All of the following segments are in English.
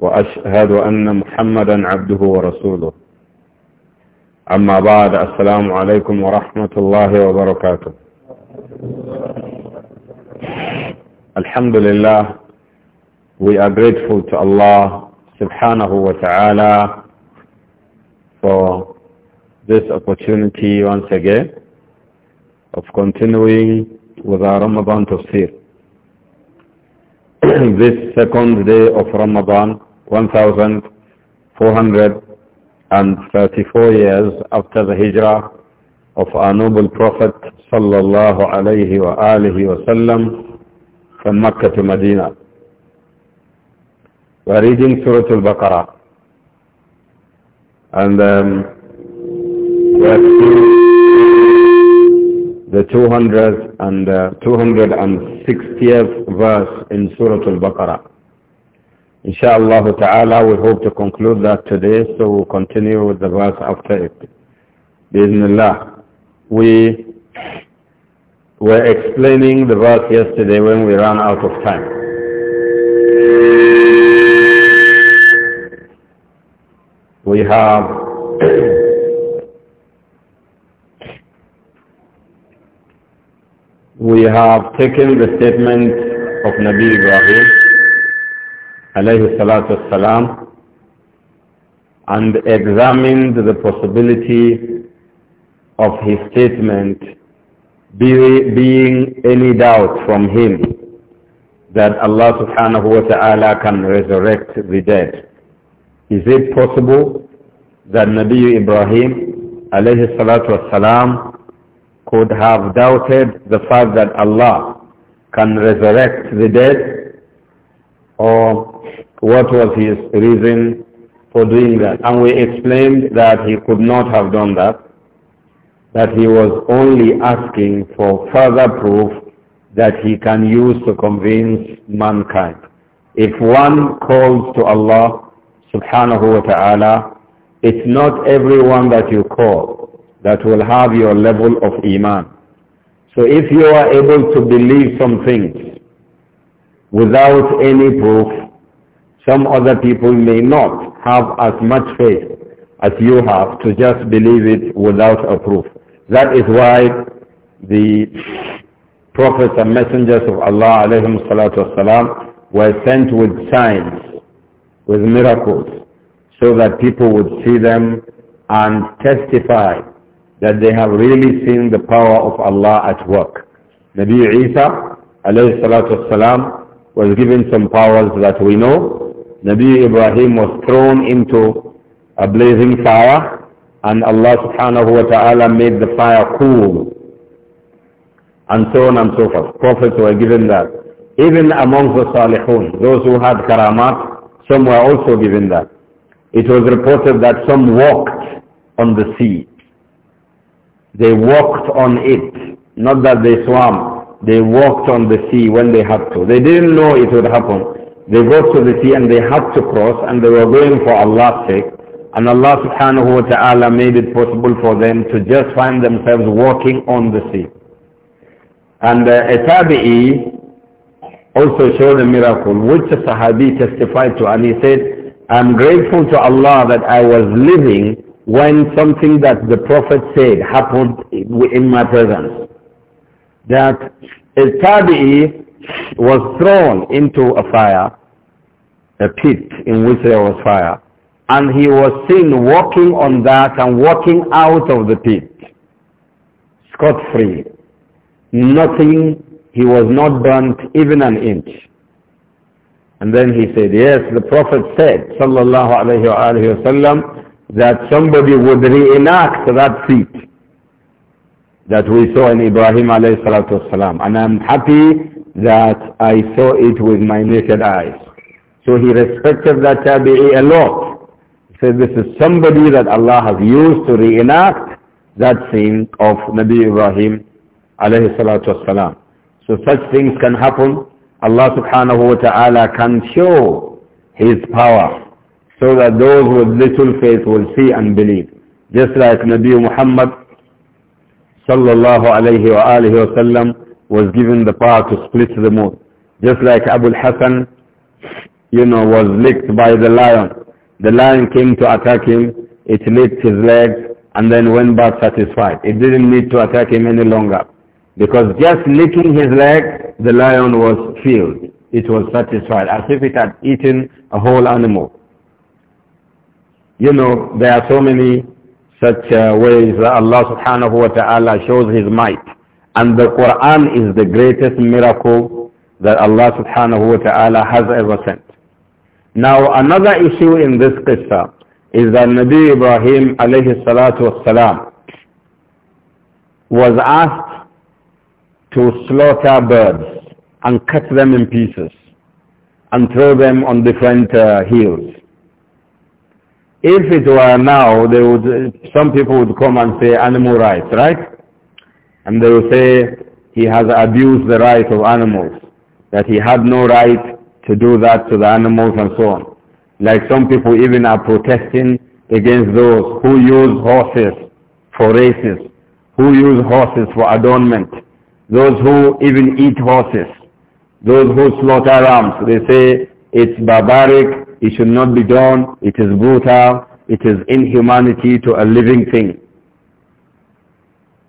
وأشهد أن محمدا عبده ورسوله أما بعد السلام عليكم ورحمة الله وبركاته الحمد لله we are grateful to Allah subhanahu wa ta'ala for this opportunity once again of continuing with our Ramadan tafsir. this second day of Ramadan, 1,434 years after the hijrah of our noble Prophet sallallahu alayhi wa alihi wa sallam from Mecca to Medina. We are reading Surah Al-Baqarah and um, we are the 200 and, uh, 260th verse in Surah Al-Baqarah. Insha'Allah ta'ala, we hope to conclude that today, so we'll continue with the verse after it. Bismillah. We were explaining the verse yesterday when we ran out of time. We have we have taken the statement of Nabi Ibrahim alayhi salatu wasalam, and examined the possibility of his statement being any doubt from him that Allah subhanahu wa ta'ala can resurrect the dead. Is it possible that Nabi Ibrahim alayhi salatu wasalam could have doubted the fact that Allah can resurrect the dead or what was his reason for doing that. And we explained that he could not have done that, that he was only asking for further proof that he can use to convince mankind. If one calls to Allah subhanahu wa ta'ala, it's not everyone that you call that will have your level of iman. So if you are able to believe some things without any proof, some other people may not have as much faith as you have to just believe it without a proof. That is why the prophets and messengers of Allah alayhim were sent with signs, with miracles, so that people would see them and testify that they have really seen the power of Allah at work. Nabi Isa alayhi was given some powers that we know. Nabi Ibrahim was thrown into a blazing fire and Allah subhanahu wa ta'ala made the fire cool and so on and so forth. Prophets were given that. Even amongst the Salihun, those who had karamat, some were also given that. It was reported that some walked on the sea. They walked on it, not that they swam they walked on the sea when they had to. They didn't know it would happen. They got to the sea and they had to cross and they were going for Allah's sake. And Allah subhanahu wa ta'ala made it possible for them to just find themselves walking on the sea. And uh, a tabi'i also showed a miracle which a sahabi testified to and he said, I'm grateful to Allah that I was living when something that the Prophet said happened in my presence that a tabi'i was thrown into a fire, a pit in which there was fire, and he was seen walking on that and walking out of the pit, scot-free. Nothing, he was not burnt even an inch. And then he said, yes, the Prophet said, sallallahu alayhi wa sallam, that somebody would reenact that feat that we saw in Ibrahim alayhi salatu wasalam. And I'm happy that I saw it with my naked eyes. So he respected that tabi'i a lot. He said this is somebody that Allah has used to reenact that scene of Nabi Ibrahim alayhi salatu wasalam. So such things can happen. Allah subhanahu wa ta'ala can show his power so that those with little faith will see and believe. Just like Nabi Muhammad sallallahu alayhi wa alihi wasallam was given the power to split the moon. Just like Abu Hassan, you know, was licked by the lion. The lion came to attack him, it licked his legs and then went back satisfied. It didn't need to attack him any longer. Because just licking his leg, the lion was filled. It was satisfied, as if it had eaten a whole animal. You know, there are so many such uh, ways that Allah subhanahu wa ta'ala shows his might. And the Quran is the greatest miracle that Allah subhanahu wa ta'ala has ever sent. Now another issue in this qissa is that Nabi Ibrahim alayhi salatu wasalam was asked to slaughter birds and cut them in pieces and throw them on different uh, hills. If it were now, they would, some people would come and say animal rights, right? And they would say he has abused the rights of animals, that he had no right to do that to the animals and so on. Like some people even are protesting against those who use horses for races, who use horses for adornment, those who even eat horses, those who slaughter rams. They say it's barbaric, it should not be done, it is brutal, it is inhumanity to a living thing.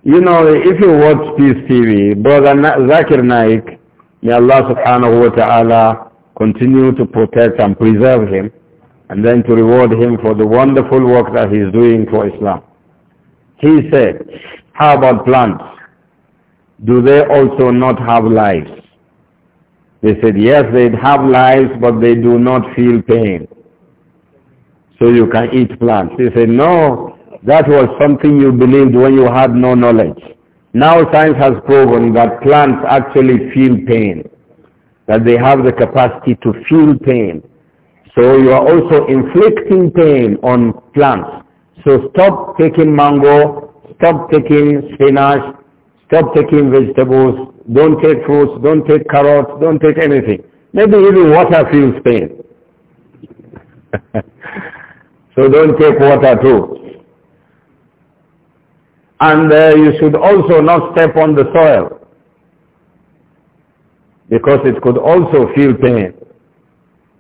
You know, if you watch Peace TV, Brother Zakir Naik, may Allah subhanahu wa ta'ala continue to protect and preserve him and then to reward him for the wonderful work that he is doing for Islam. He said, how about plants? Do they also not have lives? They said, yes, they have lives, but they do not feel pain. So you can eat plants. They said, no, that was something you believed when you had no knowledge. Now science has proven that plants actually feel pain, that they have the capacity to feel pain. So you are also inflicting pain on plants. So stop taking mango, stop taking spinach, stop taking vegetables, don't take fruits, don't take carrots, don't take anything. Maybe even water feels pain. so don't take water too. And uh, you should also not step on the soil because it could also feel pain.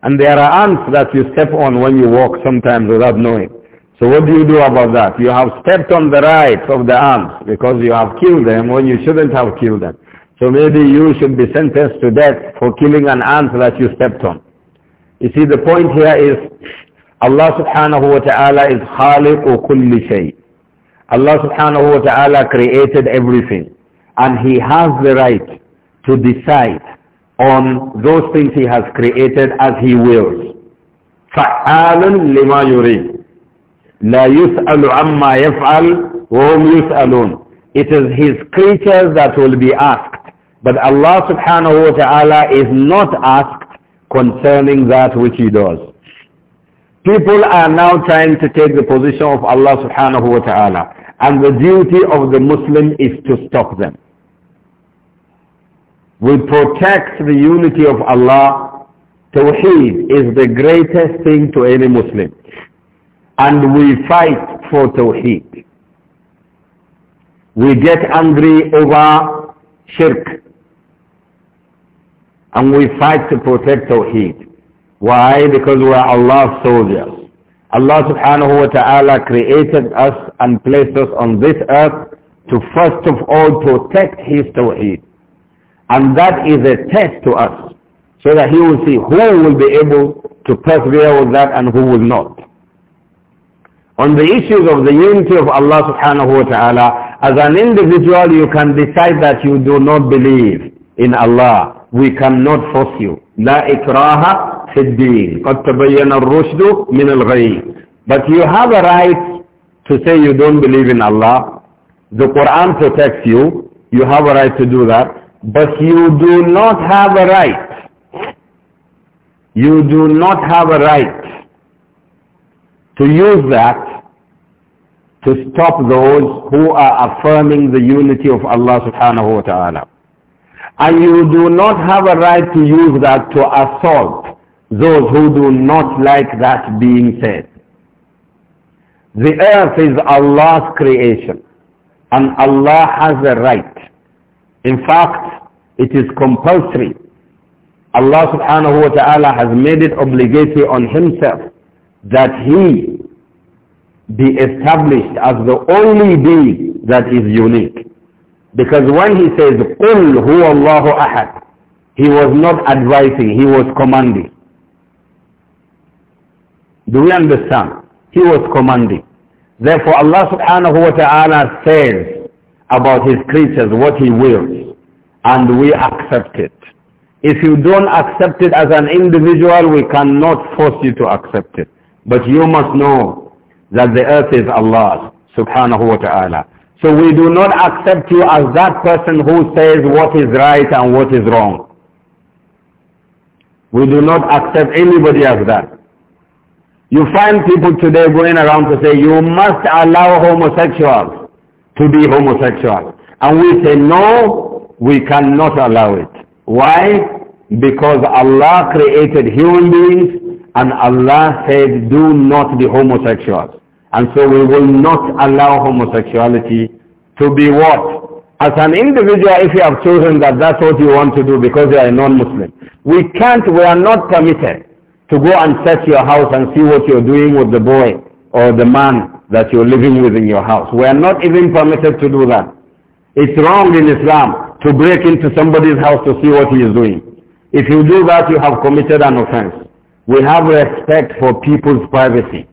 And there are ants that you step on when you walk sometimes without knowing. So what do you do about that? You have stepped on the rights of the ants because you have killed them when you shouldn't have killed them. So maybe you should be sentenced to death for killing an ant that you stepped on. You see, the point here is Allah subhanahu wa ta'ala is khaliqu kulli shay. Allah subhanahu wa ta'ala created everything. And He has the right to decide on those things He has created as He wills. فَعَالٌ لِمَا يُرِيدُ لَا يُسْأَلُ عَمَّا يَفْعَلُ وَهُمْ يُسْأَلُونَ It is His creatures that will be asked but Allah subhanahu wa ta'ala is not asked concerning that which he does. People are now trying to take the position of Allah subhanahu wa ta'ala. And the duty of the Muslim is to stop them. We protect the unity of Allah. Tawheed is the greatest thing to any Muslim. And we fight for Tawheed. We get angry over shirk and we fight to protect Tawheed. Why? Because we are Allah's soldiers. Allah subhanahu wa ta'ala created us and placed us on this earth to first of all protect his Tawheed. And that is a test to us so that he will see who will be able to persevere with that and who will not. On the issues of the unity of Allah subhanahu wa ta'ala, as an individual you can decide that you do not believe in Allah we cannot force you لا إكراه في الدين قد تبين الرشد من الغي but you have a right to say you don't believe in Allah the Quran protects you you have a right to do that but you do not have a right you do not have a right to use that to stop those who are affirming the unity of Allah subhanahu wa ta'ala and you do not have a right to use that to assault those who do not like that being said. The earth is Allah's creation and Allah has a right. In fact, it is compulsory. Allah subhanahu wa ta'ala has made it obligatory on himself that he be established as the only being that is unique. Because when he says, قُلْ هُوَ اللَّهُ أَحَدٌ He was not advising, he was commanding. Do we understand? He was commanding. Therefore Allah subhanahu wa ta'ala says about his creatures what he wills and we accept it. If you don't accept it as an individual, we cannot force you to accept it. But you must know that the earth is Allah's subhanahu wa ta'ala. So we do not accept you as that person who says what is right and what is wrong. We do not accept anybody as that. You find people today going around to say, you must allow homosexuals to be homosexuals, And we say, no, we cannot allow it. Why? Because Allah created human beings and Allah said, do not be homosexuals. And so we will not allow homosexuality to be what? As an individual, if you have chosen that that's what you want to do because you are a non-Muslim, we can't, we are not permitted to go and search your house and see what you're doing with the boy or the man that you're living with in your house. We are not even permitted to do that. It's wrong in Islam to break into somebody's house to see what he is doing. If you do that, you have committed an offense. We have respect for people's privacy.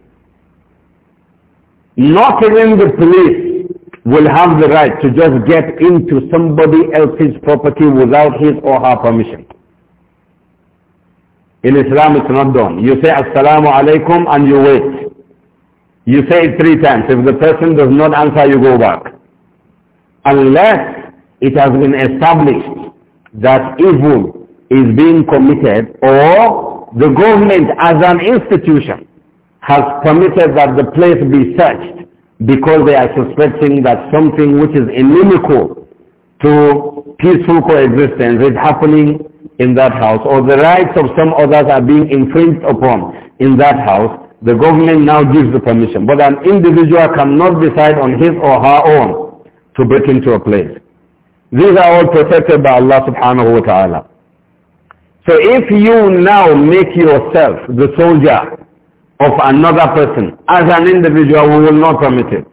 Not even the police will have the right to just get into somebody else's property without his or her permission. In Islam it's not done. You say Assalamu alaikum and you wait. You say it three times. If the person does not answer, you go back. Unless it has been established that evil is being committed or the government as an institution has permitted that the place be searched because they are suspecting that something which is inimical to peaceful coexistence is happening in that house or the rights of some others are being infringed upon in that house, the government now gives the permission. But an individual cannot decide on his or her own to break into a place. These are all protected by Allah subhanahu wa ta'ala. So if you now make yourself the soldier of another person. As an individual, we will not permit it.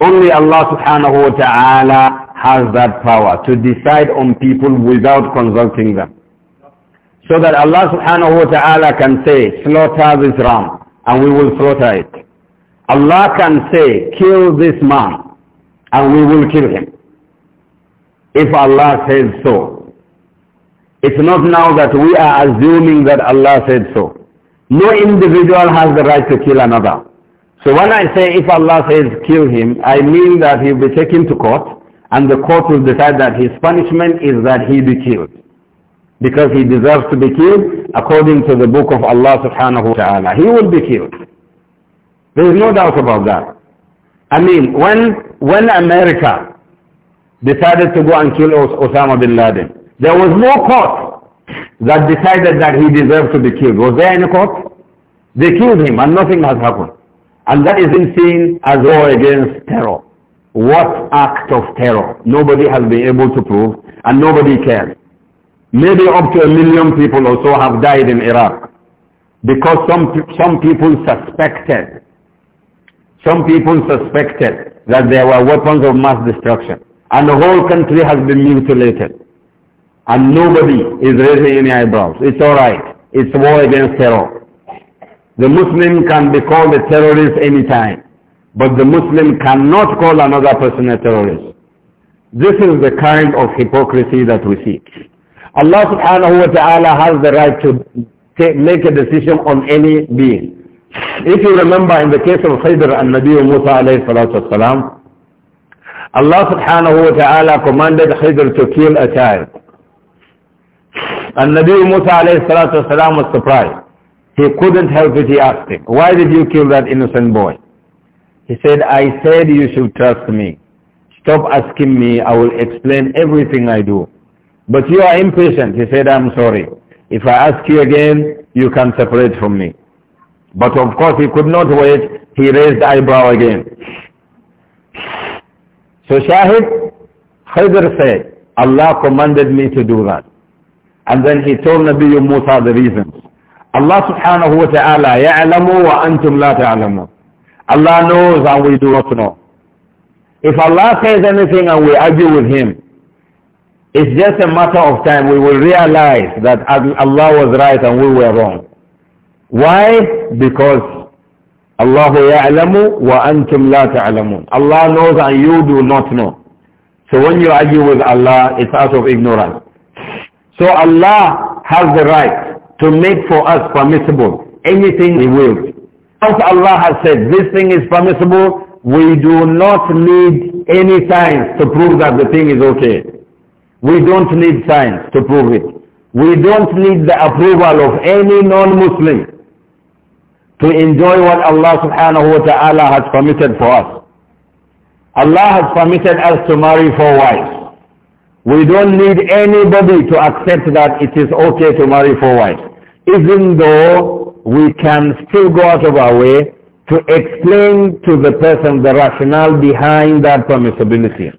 Only Allah subhanahu wa ta'ala has that power to decide on people without consulting them. So that Allah subhanahu wa ta'ala can say, slaughter this ram, and we will slaughter it. Allah can say, kill this man, and we will kill him. If Allah says so. It's not now that we are assuming that Allah said so. No individual has the right to kill another. So when I say if Allah says kill him, I mean that he'll be taken to court and the court will decide that his punishment is that he be killed. Because he deserves to be killed according to the book of Allah subhanahu wa ta'ala. He will be killed. There is no doubt about that. I mean, when, when America decided to go and kill Os Osama bin Laden, there was no court that decided that he deserved to be killed. Was there any court? They killed him and nothing has happened. And that isn't seen as war against terror. What act of terror? Nobody has been able to prove and nobody cares. Maybe up to a million people or so have died in Iraq because some, some people suspected, some people suspected that there were weapons of mass destruction and the whole country has been mutilated and nobody is raising any eyebrows. It's alright. It's war against terror. The Muslim can be called a terrorist anytime, but the Muslim cannot call another person a terrorist. This is the kind of hypocrisy that we see. Allah subhanahu wa ta'ala has the right to make a decision on any being. If you remember in the case of Khidr and Nabi Musa alayhi salatu wasalam, Allah subhanahu wa ta'ala commanded Khidr to kill a child. And Nabi Musa alayhi salatu wasalam was surprised. He couldn't help it. He asked him, why did you kill that innocent boy? He said, I said you should trust me. Stop asking me. I will explain everything I do. But you are impatient. He said, I'm sorry. If I ask you again, you can separate from me. But of course he could not wait. He raised eyebrow again. So Shahid, Khidr said, Allah commanded me to do that. And then he told Nabi Musa the reasons. Allah subhanahu wa ta'ala يَعْلَمُ وَأَنْتُمْ لَا تَعْلَمُونَ Allah knows and we do not know. If Allah says anything and we argue with him, it's just a matter of time we will realize that Allah was right and we were wrong. Why? Because Allah يَعْلَمُ وَأَنْتُمْ لَا تَعْلَمُونَ Allah knows and you do not know. So when you argue with Allah, it's out of ignorance. So Allah has the right to make for us permissible anything He wills. Once Allah has said this thing is permissible, we do not need any science to prove that the thing is okay. We don't need science to prove it. We don't need the approval of any non-Muslim to enjoy what Allah subhanahu wa ta'ala has permitted for us. Allah has permitted us to marry four wives. We don't need anybody to accept that it is okay to marry four wives, even though we can still go out of our way to explain to the person the rationale behind that permissibility.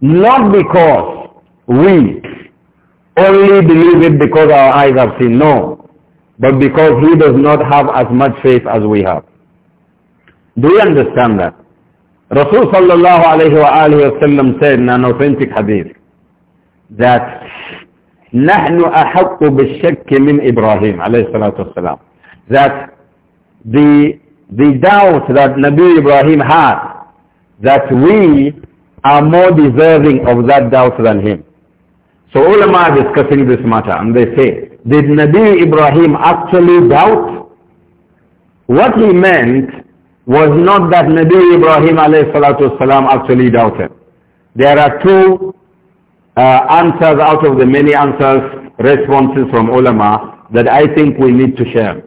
Not because we only believe it because our eyes have seen, no, but because he does not have as much faith as we have. Do you understand that? Rasul sallallahu alayhi wa alayhi wa sallam said in an authentic hadith, that نحن أحق بالشك من إبراهيم عليه الصلاة والسلام that the the doubt that Nabi Ibrahim had that we are more deserving of that doubt than him. So ulama are discussing this matter and they say, did Nabi Ibrahim actually doubt? What he meant was not that Nabi Ibrahim والسلام, actually doubted. There are two uh, answers out of the many answers, responses from ulama that I think we need to share.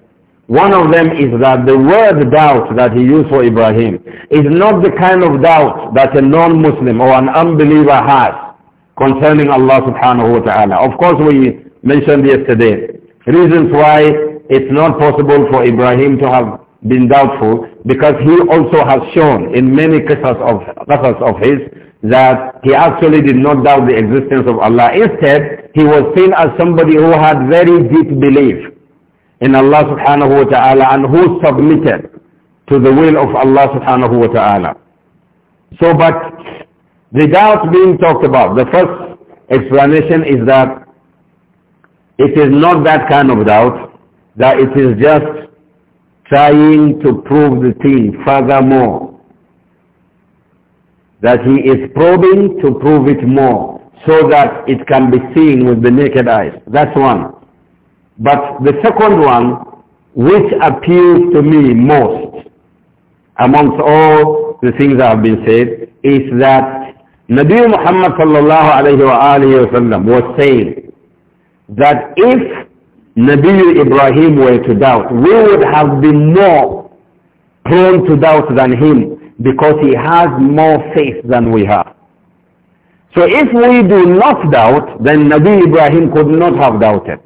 One of them is that the word doubt that he used for Ibrahim is not the kind of doubt that a non-Muslim or an unbeliever has concerning Allah subhanahu wa ta'ala. Of course we mentioned yesterday reasons why it's not possible for Ibrahim to have been doubtful because he also has shown in many qisas of, qisas of his that he actually did not doubt the existence of Allah. Instead, he was seen as somebody who had very deep belief in Allah subhanahu wa ta'ala and who submitted to the will of Allah subhanahu wa ta'ala. So, but the doubt being talked about, the first explanation is that it is not that kind of doubt, that it is just trying to prove the thing furthermore that he is probing to prove it more so that it can be seen with the naked eyes. That's one. But the second one, which appeals to me most amongst all the things that have been said, is that Nabi Muhammad sallallahu alayhi wa alayhi wa was saying that if Nabi Ibrahim were to doubt, we would have been more prone to doubt than him because he has more faith than we have. So if we do not doubt, then Nabi Ibrahim could not have doubted.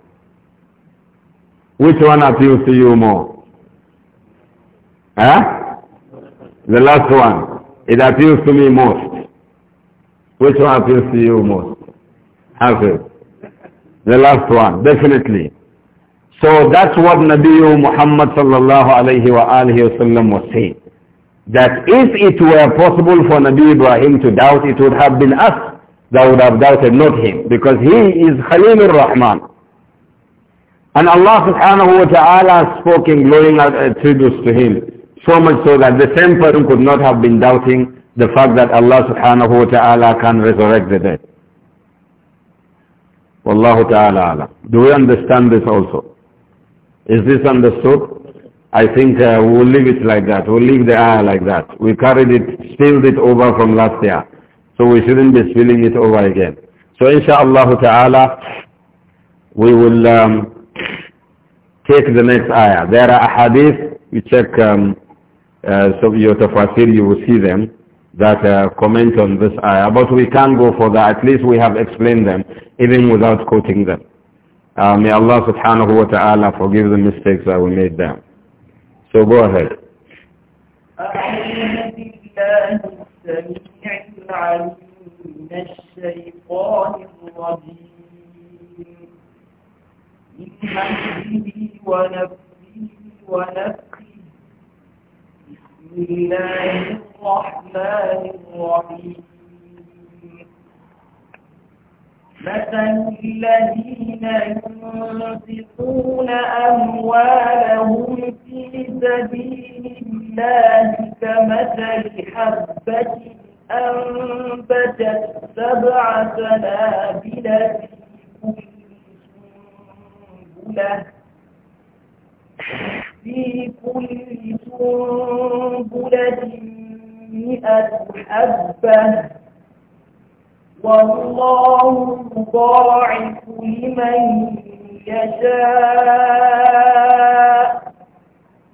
Which one appeals to you more? Huh? The last one. It appeals to me most. Which one appeals to you most? Hafiz. The last one, definitely. So that's what Nabi Muhammad sallallahu alayhi wa wa sallam was saying that if it were possible for Nabi Ibrahim to doubt, it would have been us that would have doubted, not him, because he is Khalilur Rahman. And Allah subhanahu wa ta'ala spoke in glowing attributes uh, to him, so much so that the same person could not have been doubting the fact that Allah subhanahu wa ta'ala can resurrect the dead. Wallahu ta'ala Do we understand this also? Is this understood? I think uh, we'll leave it like that. We'll leave the ayah like that. We carried it, spilled it over from last year. So we shouldn't be spilling it over again. So inshallah ta'ala, we will um, take the next ayah. There are ahadith, you check um, uh, so your tafasir, you will see them, that uh, comment on this ayah. But we can go for that. At least we have explained them, even without quoting them. Uh, may Allah subhanahu wa ta'ala forgive the mistakes that we made there. So go ahead. أعوذ بالله السميع العليم من الشيطان الرجيم من بسم الله الرحمن الرحيم مثل الذين ينفقون أموالهم في سبيل الله كمثل حبة أنبتت سبع سنابل في كل سنبلة مئة حبة والله يضاعف لمن يشاء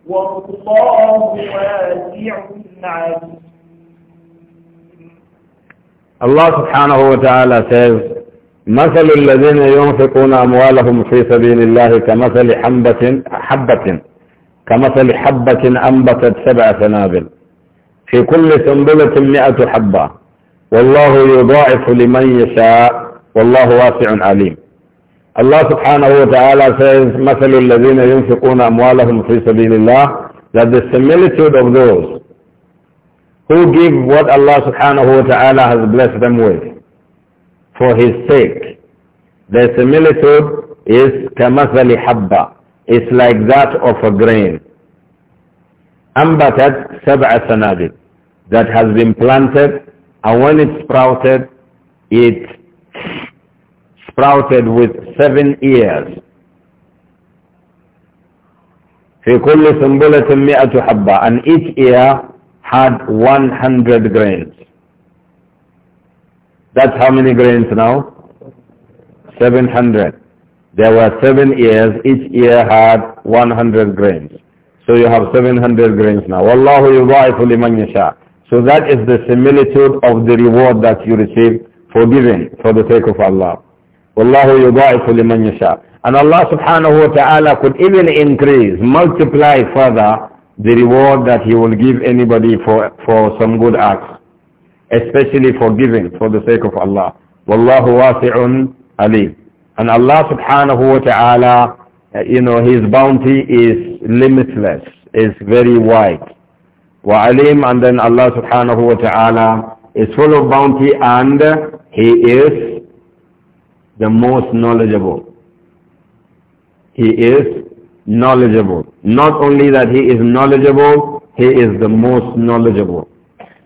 والله واسع عليم الله سبحانه وتعالى says مثل الذين ينفقون أموالهم في سبيل الله كمثل حبة حبة كمثل حبة أنبتت سبع سنابل في كل سنبلة مئة حبة وَاللَّهُ يُضَاعِفُ لِمَنْ يَشَاءُ وَاللَّهُ وَاسِعٌ عَلِيمٌ Allah سبحانه وتعالى says, مَثَلُ الَّذِينَ يُنْفِقُونَ أَمْوَالَهُم فِي سَبِيلِ اللَّهِ That the similitude of those who give what Allah subhanahu wa ta'ala has blessed them with for His sake, the similitude is كَمَثَلِ حَبَّةٍ It's like that of a grain. أَنْبَتَتْ سَبْعَ سنابل That has been planted and when it sprouted, it sprouted with seven ears. في كل سنبلة مئة حبة and each ear had 100 grains. That's how many grains now? 700. There were seven ears, each ear had 100 grains. So you have 700 grains now. وَاللَّهُ يُضَاعِفُ لِمَنْ يَشَاءُ so that is the similitude of the reward that you receive for giving for the sake of Allah. وَاللَّهُ يُضَاعِفُ لِمَنْ yasha, And Allah subhanahu wa ta'ala could even increase, multiply further the reward that He will give anybody for, for some good acts, especially for giving for the sake of Allah. وَاللَّهُ wasiun alim, And Allah subhanahu wa ta'ala, uh, you know, His bounty is limitless, is very wide. وعليم and then Allah subhanahu wa ta'ala is full of bounty and he is the most knowledgeable. He is knowledgeable. Not only that he is knowledgeable, he is the most knowledgeable.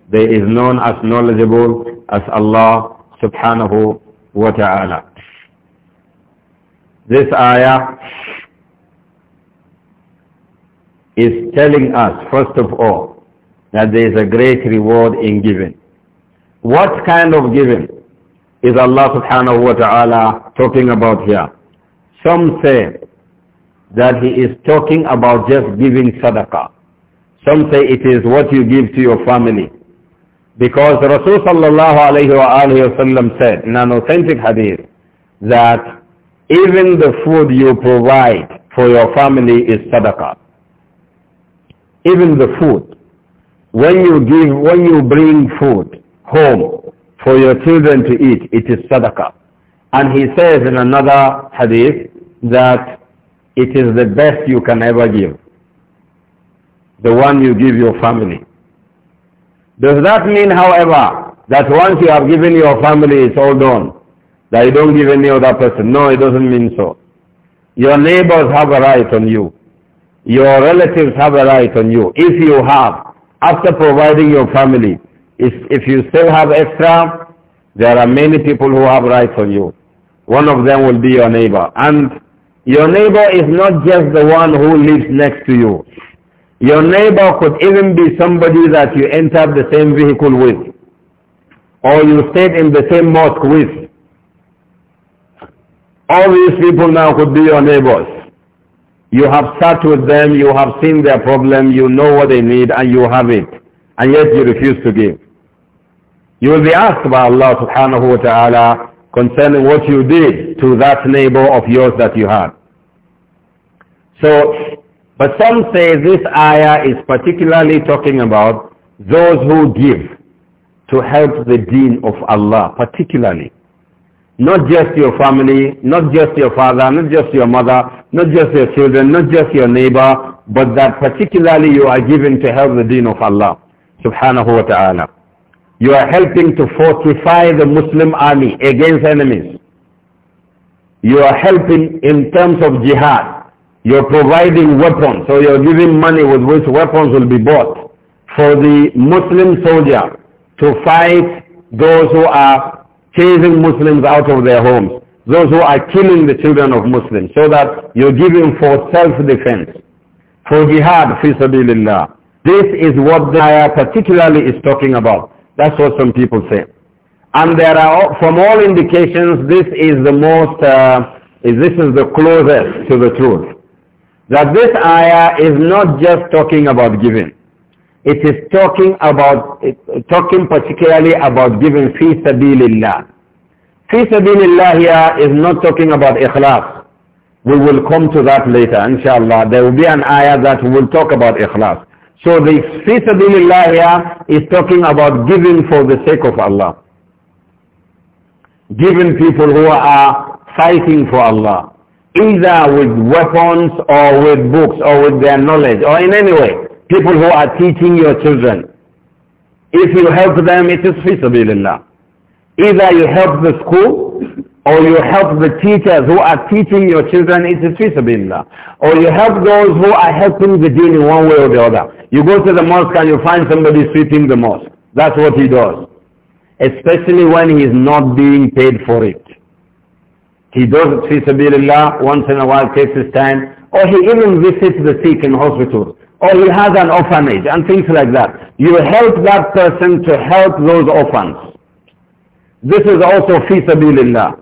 There is none as knowledgeable as Allah subhanahu wa ta'ala. This ayah is telling us, first of all, that there is a great reward in giving. What kind of giving is Allah subhanahu wa ta'ala talking about here? Some say that he is talking about just giving sadaqah. Some say it is what you give to your family. Because Rasulullah sallallahu said in an authentic hadith that even the food you provide for your family is sadaqah. Even the food when you give, when you bring food home for your children to eat, it is sadaqah. And he says in another hadith that it is the best you can ever give. The one you give your family. Does that mean, however, that once you have given your family, it's all done? That you don't give any other person? No, it doesn't mean so. Your neighbors have a right on you. Your relatives have a right on you. If you have, after providing your family, if, if you still have extra, there are many people who have rights on you. One of them will be your neighbor. And your neighbor is not just the one who lives next to you. Your neighbor could even be somebody that you entered the same vehicle with. Or you stayed in the same mosque with. All these people now could be your neighbors. You have sat with them, you have seen their problem, you know what they need, and you have it. And yet you refuse to give. You will be asked by Allah subhanahu wa ta'ala concerning what you did to that neighbor of yours that you had. So, but some say this ayah is particularly talking about those who give to help the deen of Allah particularly. Not just your family, not just your father, not just your mother, not just your children, not just your neighbor, but that particularly you are given to help the deen of Allah subhanahu wa ta'ala. You are helping to fortify the Muslim army against enemies. You are helping in terms of jihad. You're providing weapons, so you're giving money with which weapons will be bought for the Muslim soldier to fight those who are chasing Muslims out of their homes, those who are killing the children of Muslims, so that you're giving for self-defense, for jihad, fi sabilillah. This is what the ayah particularly is talking about. That's what some people say. And there are, from all indications, this is the most, uh, this is the closest to the truth. That this ayah is not just talking about giving. It is talking about, talking particularly about giving fi sabilillah. Fi sabilillah here is not talking about ikhlas. We will come to that later, inshallah. There will be an ayah that will talk about ikhlas. So the fi sabilillah here is talking about giving for the sake of Allah. Giving people who are fighting for Allah either with weapons or with books or with their knowledge or in any way people who are teaching your children. If you help them, it is feasibilillah. Either you help the school or you help the teachers who are teaching your children, it is feasibilillah. Or you help those who are helping the deen in one way or the other. You go to the mosque and you find somebody sweeping the mosque. That's what he does. Especially when he is not being paid for it. He does it feasibilillah, once in a while takes his time, or he even visits the sick in hospitals or he has an orphanage and things like that. You help that person to help those orphans. This is also fi sabilillah.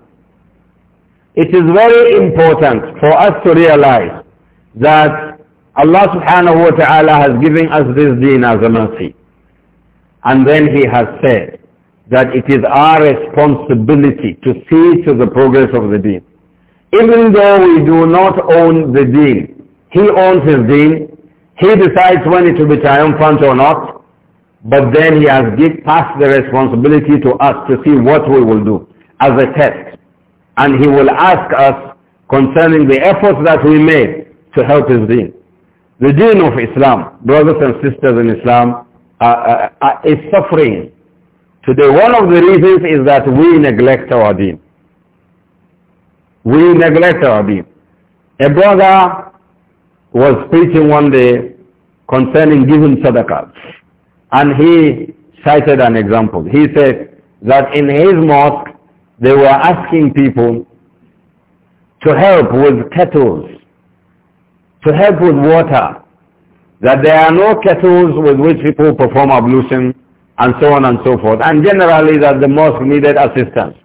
It is very important for us to realize that Allah subhanahu wa ta'ala has given us this deen as a mercy. And then he has said that it is our responsibility to see to the progress of the deen. Even though we do not own the deen, he owns his deen, he decides when it will be triumphant or not, but then he has give, passed the responsibility to us to see what we will do as a test. And he will ask us concerning the efforts that we made to help his deen. The deen of Islam, brothers and sisters in Islam, uh, uh, uh, is suffering. Today, one of the reasons is that we neglect our deen. We neglect our deen. A brother was preaching one day concerning giving sadaqah. And he cited an example. He said that in his mosque, they were asking people to help with kettles, to help with water, that there are no kettles with which people perform ablution and so on and so forth. And generally that the mosque needed assistance.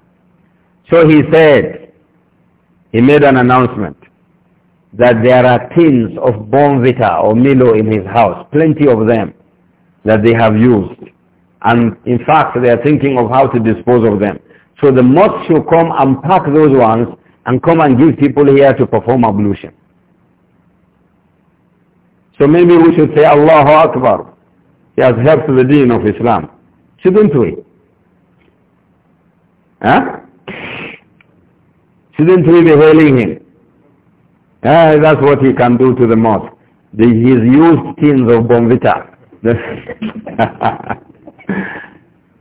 So he said, he made an announcement that there are tins of Bonvita or Milo in his house, plenty of them that they have used. And in fact, they are thinking of how to dispose of them. So the mosque should come and pack those ones and come and give people here to perform ablution. So maybe we should say Allahu Akbar. He has helped the deen of Islam. Shouldn't we? Huh? Shouldn't we be hailing him? Ah, that's what he can do to the mosque. The, he's used tins of bombita.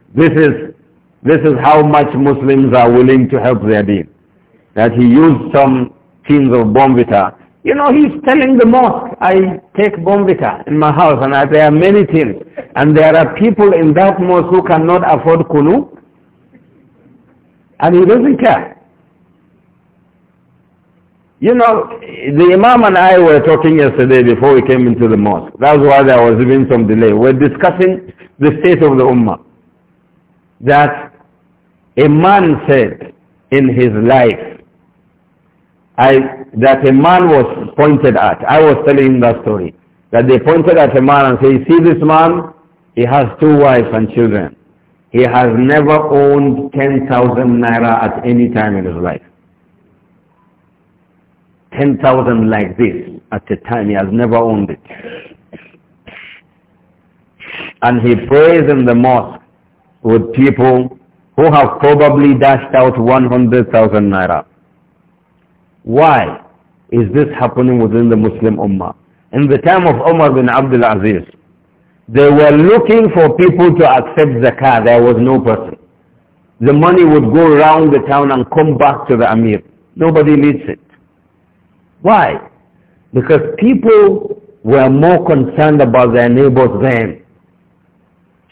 this is this is how much Muslims are willing to help their deen. That he used some tins of bombita. You know, he's telling the mosque, I take bombita in my house and I, there are many tins. And there are people in that mosque who cannot afford kunu. And he doesn't care. You know, the Imam and I were talking yesterday before we came into the mosque. That's why there was even some delay. We're discussing the state of the Ummah. That a man said in his life, I, that a man was pointed at. I was telling him that story. That they pointed at a man and said, see this man? He has two wives and children. He has never owned 10,000 naira at any time in his life. 10,000 like this at a time. He has never owned it. And he prays in the mosque with people who have probably dashed out 100,000 naira. Why is this happening within the Muslim Ummah? In the time of Umar bin Abdul Aziz, they were looking for people to accept zakah. There was no person. The money would go around the town and come back to the Amir. Nobody needs it. Why? Because people were more concerned about their neighbors then.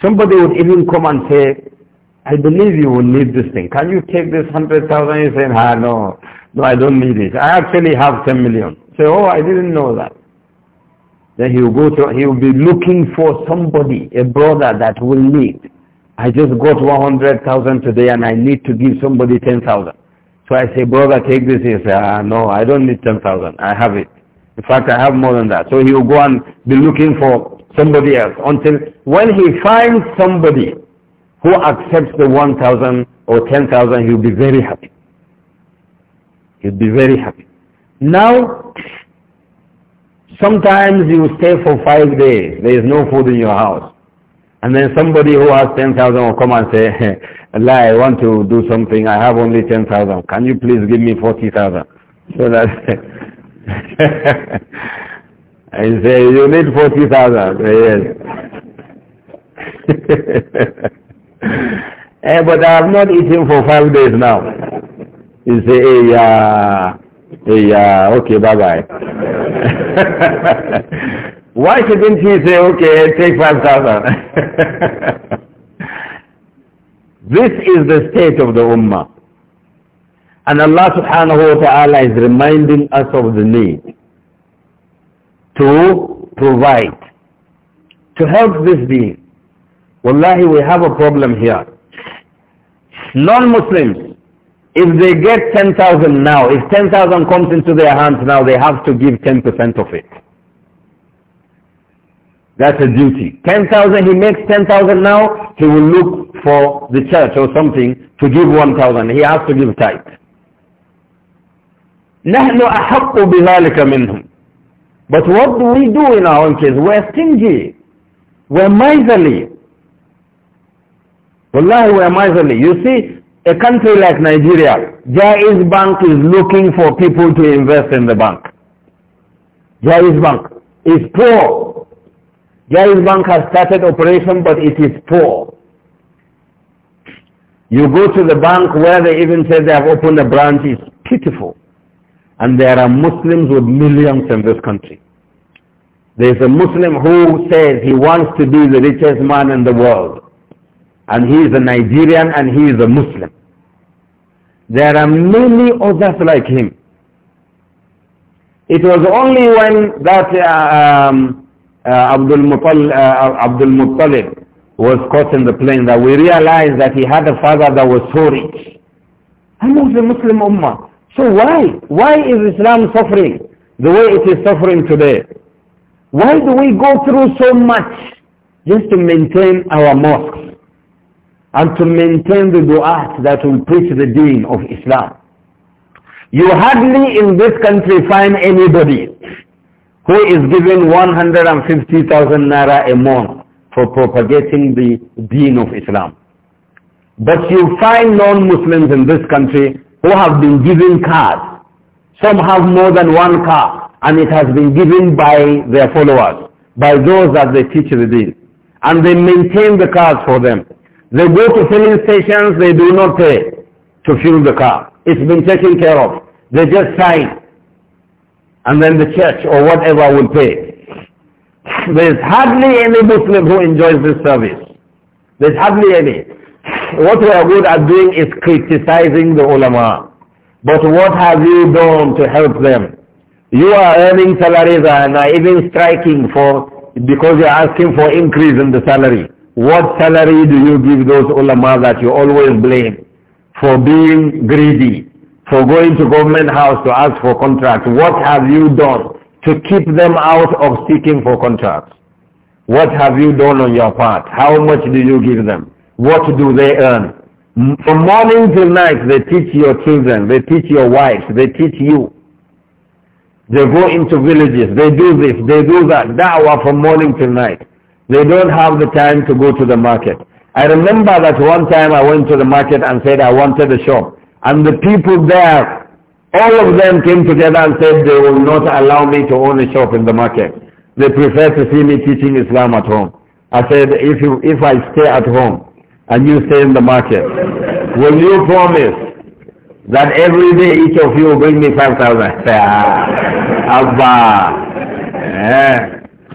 Somebody would even come and say, I believe you will need this thing. Can you take this 100,000? You say, ah, no, no, I don't need it. I actually have 10 million. Say, oh, I didn't know that. Then he will go to, he will be looking for somebody, a brother that will need. I just got 100,000 today and I need to give somebody 10,000. So I say, brother, take this. He say, ah, no, I don't need 10,000. I have it. In fact, I have more than that. So he will go and be looking for somebody else until when he finds somebody who accepts the 1,000 or 10,000, he'll be very happy. He'll be very happy. Now, sometimes you stay for five days. There is no food in your house. And then somebody who has 10,000 will come and say, Allah, I want to do something. I have only 10,000. Can you please give me 40,000? So that I say, you need 40,000. Yes. hey, eh, but I have not eaten for five days now. You say, hey, eh, yeah, uh, hey, yeah, uh, okay, bye-bye. Why shouldn't he say, okay, take 5,000? this is the state of the Ummah. And Allah subhanahu wa ta'ala is reminding us of the need to provide, to help this being. Wallahi, we have a problem here. Non-Muslims, if they get 10,000 now, if 10,000 comes into their hands now, they have to give 10% of it. That's a duty. 10,000, he makes 10,000 now, he will look for the church or something to give 1,000. He has to give tithe. نَحْنُ أَحَقُّ بِذَلِكَ مِنْهُمْ But what do we do in our own case? We're stingy. We're miserly. Wallahi, we're miserly. You see, a country like Nigeria, Jai's Bank is looking for people to invest in the bank. Jai's Bank is poor. Jaiz Bank has started operation, but it is poor. You go to the bank where they even say they have opened a branch, it's pitiful. And there are Muslims with millions in this country. There's a Muslim who says he wants to be the richest man in the world. And he is a Nigerian and he is a Muslim. There are many others like him. It was only when that uh, um, uh, Abdul, Muttal, uh, Abdul Muttalib was caught in the plane, that we realized that he had a father that was so rich. I'm of the Muslim Ummah. So why? Why is Islam suffering the way it is suffering today? Why do we go through so much just to maintain our mosques and to maintain the du'at that will preach the deen of Islam? You hardly in this country find anybody who is given 150,000 naira a month for propagating the deen of Islam. But you find non-Muslims in this country who have been given cars. Some have more than one car and it has been given by their followers, by those that they teach the deen. And they maintain the cars for them. They go to filling stations, they do not pay to fill the car. It's been taken care of. They just sign and then the church or whatever will pay. There is hardly any Muslim who enjoys this service. There is hardly any. What we are good at doing is criticizing the ulama. But what have you done to help them? You are earning salaries and are even striking for because you are asking for increase in the salary. What salary do you give those ulama that you always blame for being greedy? for going to government house to ask for contract. What have you done to keep them out of seeking for contracts? What have you done on your part? How much do you give them? What do they earn? From morning till night, they teach your children, they teach your wives, they teach you. They go into villages, they do this, they do that, da'wah from morning till night. They don't have the time to go to the market. I remember that one time I went to the market and said I wanted a shop. And the people there, all of them came together and said they will not allow me to own a shop in the market. They prefer to see me teaching Islam at home. I said, if, you, if I stay at home and you stay in the market, will you promise that every day each of you will bring me 5,000? Abba.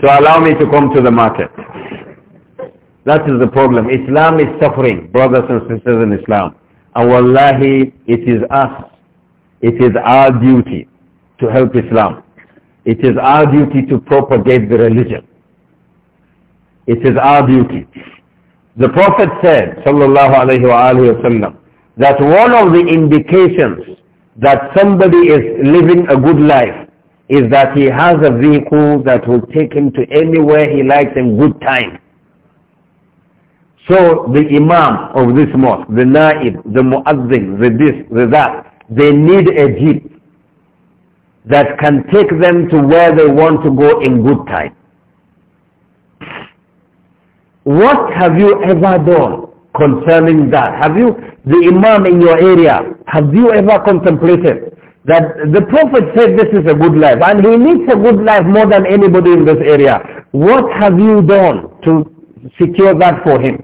So allow me to come to the market. That is the problem. Islam is suffering, brothers and sisters in Islam. And wallahi, it is us. It is our duty to help Islam. It is our duty to propagate the religion. It is our duty. The Prophet said, sallallahu alayhi wasallam, that one of the indications that somebody is living a good life is that he has a vehicle that will take him to anywhere he likes in good time. So the imam of this mosque, the naib, the muazzin, the this, the that, they need a jeep that can take them to where they want to go in good time. What have you ever done concerning that? Have you, the imam in your area, have you ever contemplated that the Prophet said this is a good life and he needs a good life more than anybody in this area. What have you done to secure that for him?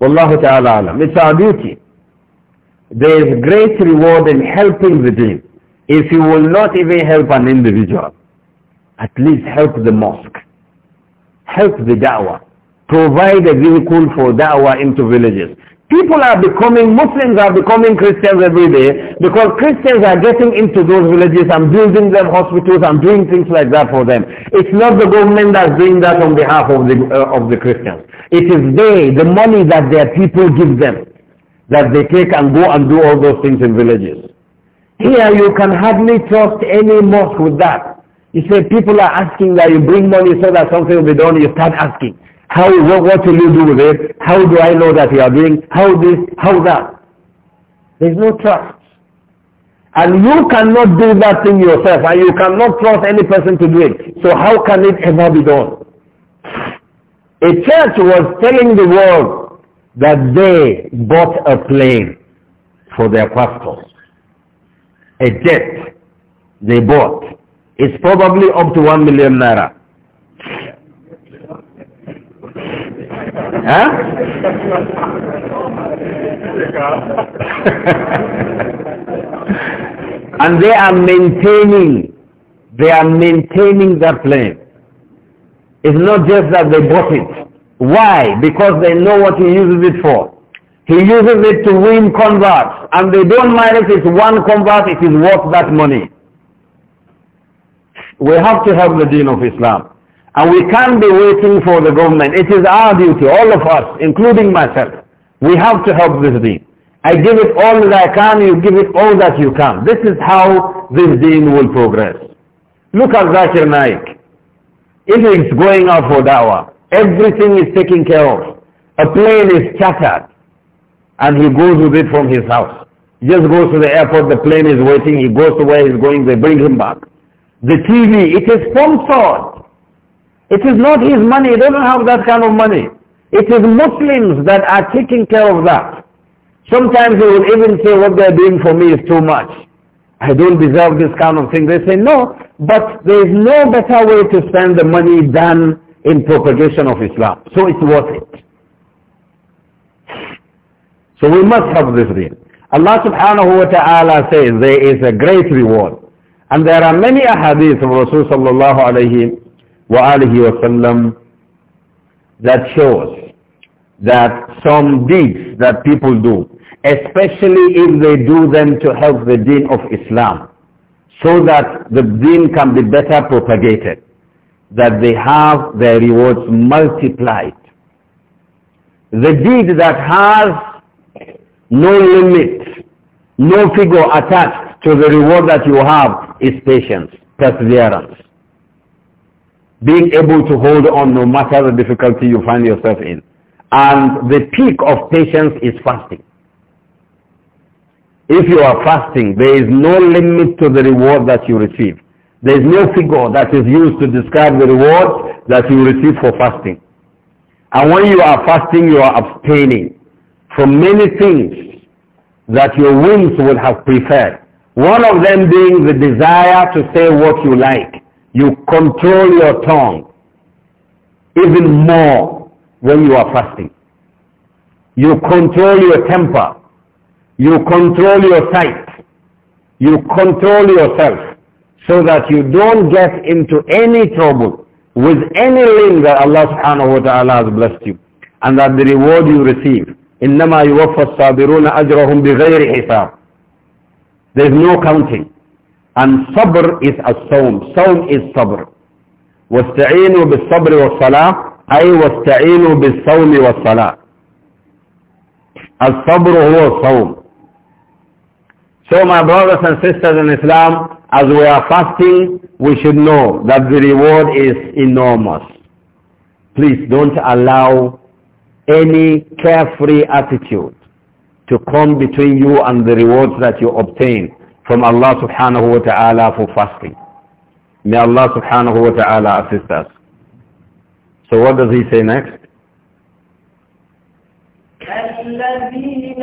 Wallahu ta'ala alam. It's our duty. There is great reward in helping the deen. If you will not even help an individual, at least help the mosque. Help the da'wah. Provide a vehicle for da'wah into villages. People are becoming, Muslims are becoming Christians every day because Christians are getting into those villages. I'm building them hospitals. I'm doing things like that for them. It's not the government that's doing that on behalf of the, uh, of the Christians. It is they, the money that their people give them, that they take and go and do all those things in villages. Here you can hardly trust any mosque with that. You say people are asking that you bring money so that something will be done. You start asking. How, what, what will you do with it? How do I know that you are doing? How this, how that? There's no trust. And you cannot do that thing yourself and you cannot trust any person to do it. So how can it ever be done? A church was telling the world that they bought a plane for their pastors. A jet they bought. It's probably up to one million naira. and they are maintaining they are maintaining that plane it's not just that they bought it why because they know what he uses it for he uses it to win converts and they don't mind if it's one convert it is worth that money we have to help the dean of islam and we can't be waiting for the government. It is our duty, all of us, including myself. We have to help this deen. I give it all that I can, you give it all that you can. This is how this deen will progress. Look at Zakir Naik. If it's going out for da'wah, everything is taken care of. A plane is chartered and he goes with it from his house. He just goes to the airport, the plane is waiting, he goes to where he's going, they bring him back. The TV, it is sponsored. It is not his money. He doesn't have that kind of money. It is Muslims that are taking care of that. Sometimes they will even say what they're doing for me is too much. I don't deserve this kind of thing. They say no, but there is no better way to spend the money than in propagation of Islam. So it's worth it. So we must have this real. Allah subhanahu wa ta'ala says there is a great reward. And there are many ahadith of Rasulullah sallallahu alayhi wa alihi wa sallam that shows that some deeds that people do, especially if they do them to help the deen of Islam, so that the deen can be better propagated, that they have their rewards multiplied. The deed that has no limit, no figure attached to the reward that you have is patience, perseverance being able to hold on no matter the difficulty you find yourself in. And the peak of patience is fasting. If you are fasting, there is no limit to the reward that you receive. There is no figure that is used to describe the reward that you receive for fasting. And when you are fasting, you are abstaining from many things that your whims would have preferred. One of them being the desire to say what you like. You control your tongue even more when you are fasting. You control your temper. You control your sight. You control yourself so that you don't get into any trouble with any link that Allah subhanahu wa ta'ala has blessed you and that the reward you receive. إِنَّمَا يُوَفَّى الصَّابِرُونَ أَجْرَهُمْ بِغَيْرِ حِسَابٍ There is no counting. And sabr is a sawm. Saum is sabr. واستعينوا بالصبر والصلاة أي واستعينوا بالصوم والصلاة الصبر هو الصوم So my brothers and sisters in Islam, as we are fasting, we should know that the reward is enormous. Please don't allow any carefree attitude to come between you and the rewards that you obtain. from Allah subhanahu wa ta'ala for fasting. May Allah subhanahu wa ta'ala assist us. So what does he say next? الذين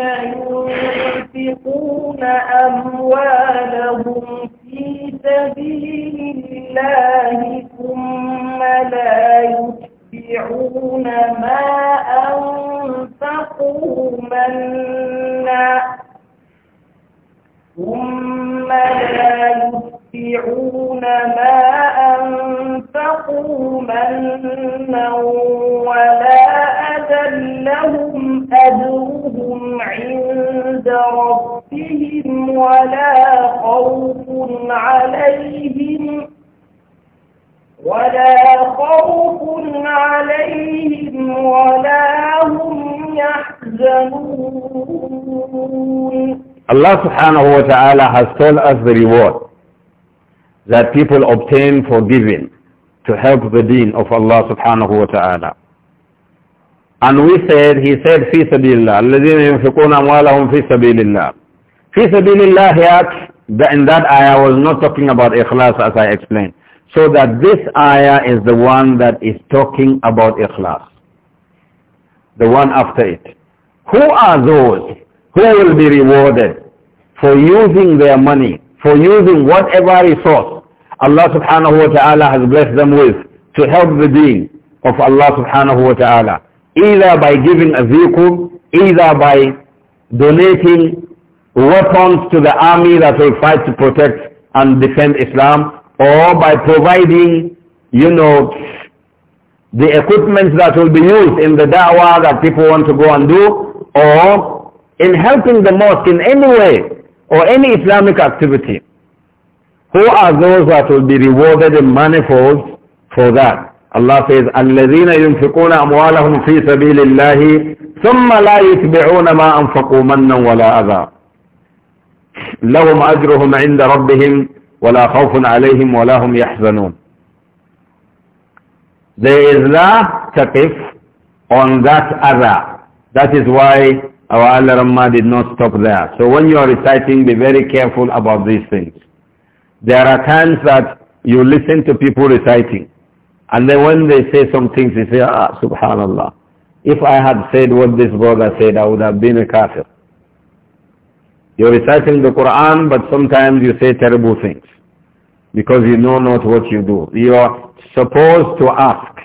ينفقون أموالهم Allah subhanahu wa ta'ala has told us the reward that people obtain for giving to help the deen of Allah subhanahu wa ta'ala. And we said, he said, في سبيل الله, الذين ينفقون أموالهم في سبيل الله. في سبيل الله here, in that ayah was not talking about ikhlas as I explained. So that this ayah is the one that is talking about ikhlas. The one after it. Who are those who will be rewarded for using their money, for using whatever resource Allah subhanahu wa ta'ala has blessed them with to help the deen of Allah subhanahu wa ta'ala. Either by giving a vehicle, either by donating weapons to the army that will fight to protect and defend Islam, or by providing, you know, the equipment that will be used in the da'wah that people want to go and do, or in helping the mosque in any way or any Islamic activity, who are those that will be rewarded in manifold for that? Allah says, الَّذِينَ يُنْفِقُونَ أَمْوَالَهُمْ فِي سَبِيلِ اللَّهِ ثُمَّ لَا يُتْبِعُونَ مَا أَنْفَقُوا مَنًّا وَلَا أَذَى لَهُمْ أَجْرُهُمْ عِنْدَ رَبِّهِمْ وَلَا خَوْفٌ عَلَيْهِمْ وَلَا هُمْ يَحْزَنُونَ There is la on that other. That is why our Allah Ramma did not stop there. So when you are reciting, be very careful about these things. There are times that you listen to people reciting. And then when they say some things, you say, ah, subhanallah. If I had said what this brother said, I would have been a kafir. You're reciting the Quran, but sometimes you say terrible things. Because you know not what you do. You're supposed to ask.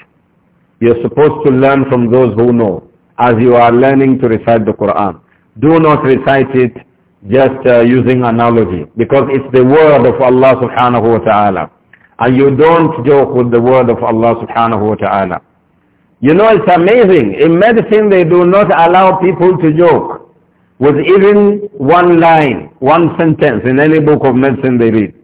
You're supposed to learn from those who know as you are learning to recite the Quran. Do not recite it just uh, using analogy because it's the word of Allah subhanahu wa ta'ala. And you don't joke with the word of Allah subhanahu wa ta'ala. You know, it's amazing. In medicine, they do not allow people to joke with even one line, one sentence in any book of medicine they read.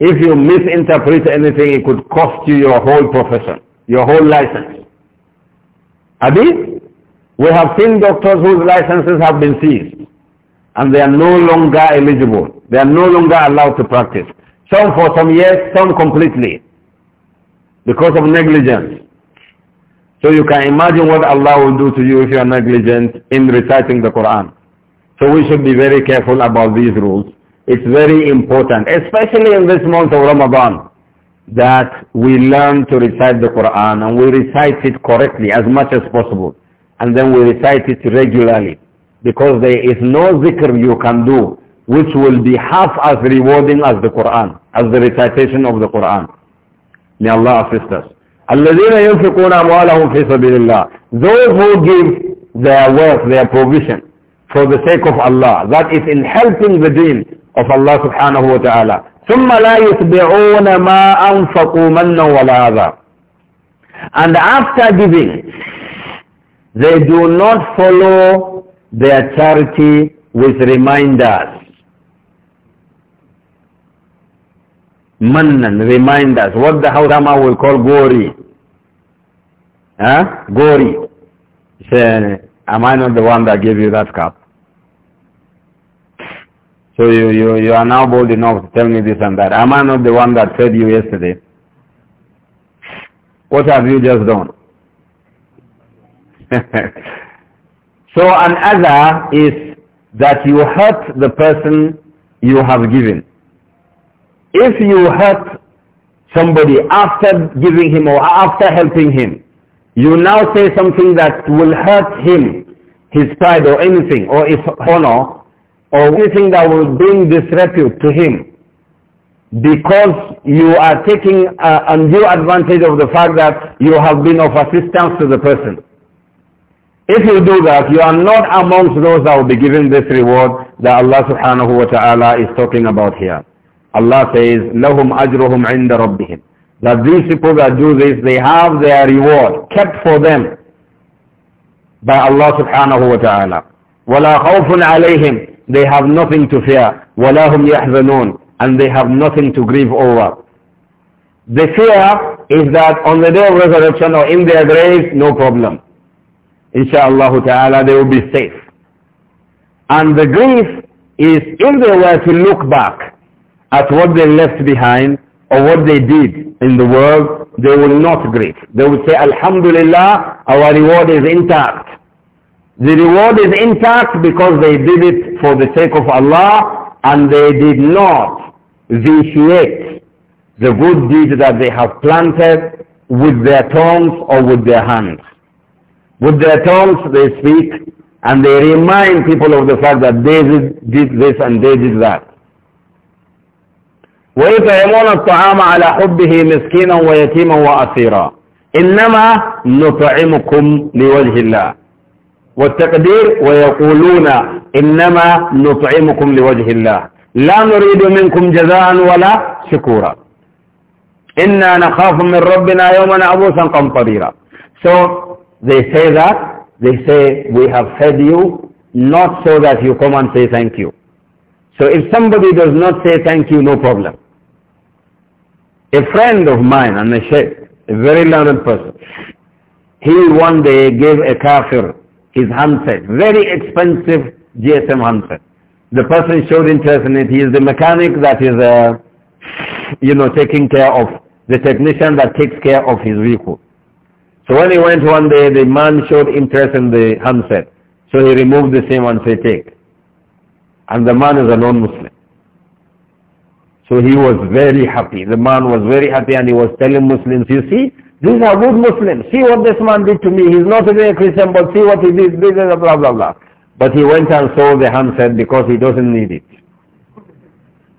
If you misinterpret anything, it could cost you your whole profession, your whole license. Abi? We have seen doctors whose licenses have been seized and they are no longer eligible. They are no longer allowed to practice. Some for some years, some completely because of negligence. So you can imagine what Allah will do to you if you are negligent in reciting the Quran. So we should be very careful about these rules. It's very important, especially in this month of Ramadan, that we learn to recite the Quran and we recite it correctly as much as possible and then we recite it regularly because there is no zikr you can do which will be half as rewarding as the Quran, as the recitation of the Quran. May Allah assist us. Those who give their wealth, their provision for the sake of Allah, that is in helping the deen of Allah subhanahu wa ta'ala. And after giving, they do not follow their charity with reminders. Mannan, reminders. What the Haurama will call gori. Huh? Gori. Say, am I not the one that gave you that cup? So you, you, you are now bold enough to tell me this and that. Am I not the one that fed you yesterday? What have you just done? so an is that you hurt the person you have given. If you hurt somebody after giving him or after helping him, you now say something that will hurt him, his pride or anything, or his honor, or anything that will bring disrepute to him, because you are taking undue advantage of the fact that you have been of assistance to the person. If you do that, you are not amongst those that will be given this reward that Allah subhanahu wa ta'ala is talking about here. Allah says, لَهُمْ أَجْرُهُمْ عِنْدَ رَبِّهِمْ That these people that do this, they have their reward kept for them by Allah subhanahu wa ta'ala. وَلَا خَوْفٌ عَلَيْهِمْ They have nothing to fear. وَلَا هُمْ يَحْزَنُونَ And they have nothing to grieve over. The fear is that on the day of resurrection or in their graves, no problem inshallah ta'ala they will be safe. And the grief is if they were to look back at what they left behind or what they did in the world, they will not grieve. They will say, Alhamdulillah, our reward is intact. The reward is intact because they did it for the sake of Allah and they did not vitiate the good deeds that they have planted with their tongues or with their hands. With their tongues they speak and they remind people of the fact that they did this and they did that. ويطعمون الطعام على حبه مسكينا ويتيما وأسيرا إنما نطعمكم لوجه الله والتقدير ويقولون إنما نطعمكم لوجه الله لا نريد منكم جزاء ولا شكورا إنا نخاف من ربنا يوما عبوسا قمطريرا So They say that, they say, we have fed you, not so that you come and say thank you. So if somebody does not say thank you, no problem. A friend of mine, and a sheikh, a very learned person, he one day gave a kafir his handset, very expensive GSM handset. The person showed interest in it. He is the mechanic that is, uh, you know, taking care of, the technician that takes care of his vehicle. So when he went one day, the man showed interest in the handset. So he removed the same and said, take. And the man is a non-Muslim. So he was very happy. The man was very happy and he was telling Muslims, you see, these are good Muslims. See what this man did to me. He's not even a Christian, but see what he did, blah, blah, blah. But he went and sold the handset because he doesn't need it.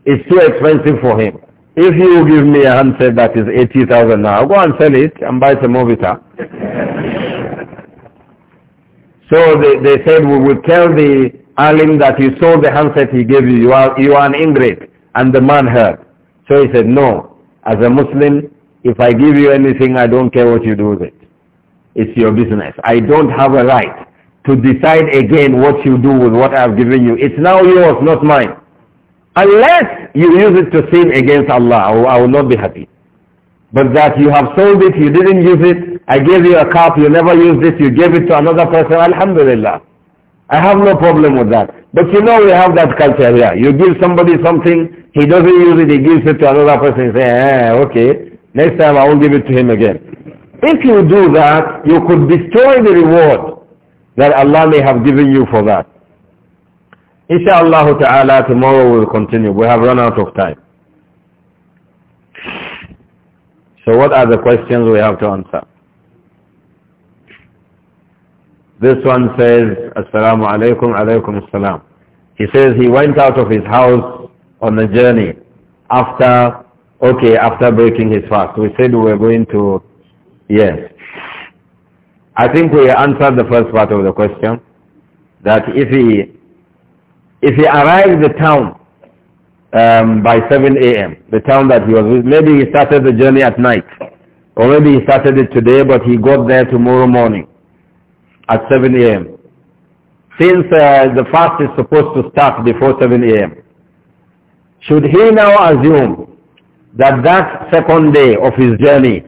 It's too expensive for him. If you give me a handset that is 80,000 now, go and sell it and buy some more guitar so they, they said, we will tell the alim that you sold the handset he gave you. You are, you are an ingrate. And the man heard. So he said, no. As a Muslim, if I give you anything, I don't care what you do with it. It's your business. I don't have a right to decide again what you do with what I've given you. It's now yours, not mine. Unless you use it to sin against Allah, I will not be happy. But that you have sold it, you didn't use it, I gave you a cup, you never used it, you gave it to another person, alhamdulillah. I have no problem with that. But you know we have that culture here. You give somebody something, he doesn't use it, he gives it to another person, you say, eh, okay, next time I will give it to him again. If you do that, you could destroy the reward that Allah may have given you for that. Insha'Allah ta'ala, tomorrow we'll continue. We have run out of time. So what are the questions we have to answer? This one says, Assalamu alaikum, alaikum assalam. He says he went out of his house on a journey after, okay, after breaking his fast. We said we were going to, yes. I think we answered the first part of the question, that if he, if he arrived the town um, by 7 a.m., the town that he was with, maybe he started the journey at night, or maybe he started it today, but he got there tomorrow morning at 7 a.m. Since uh, the fast is supposed to start before 7 a.m., should he now assume that that second day of his journey,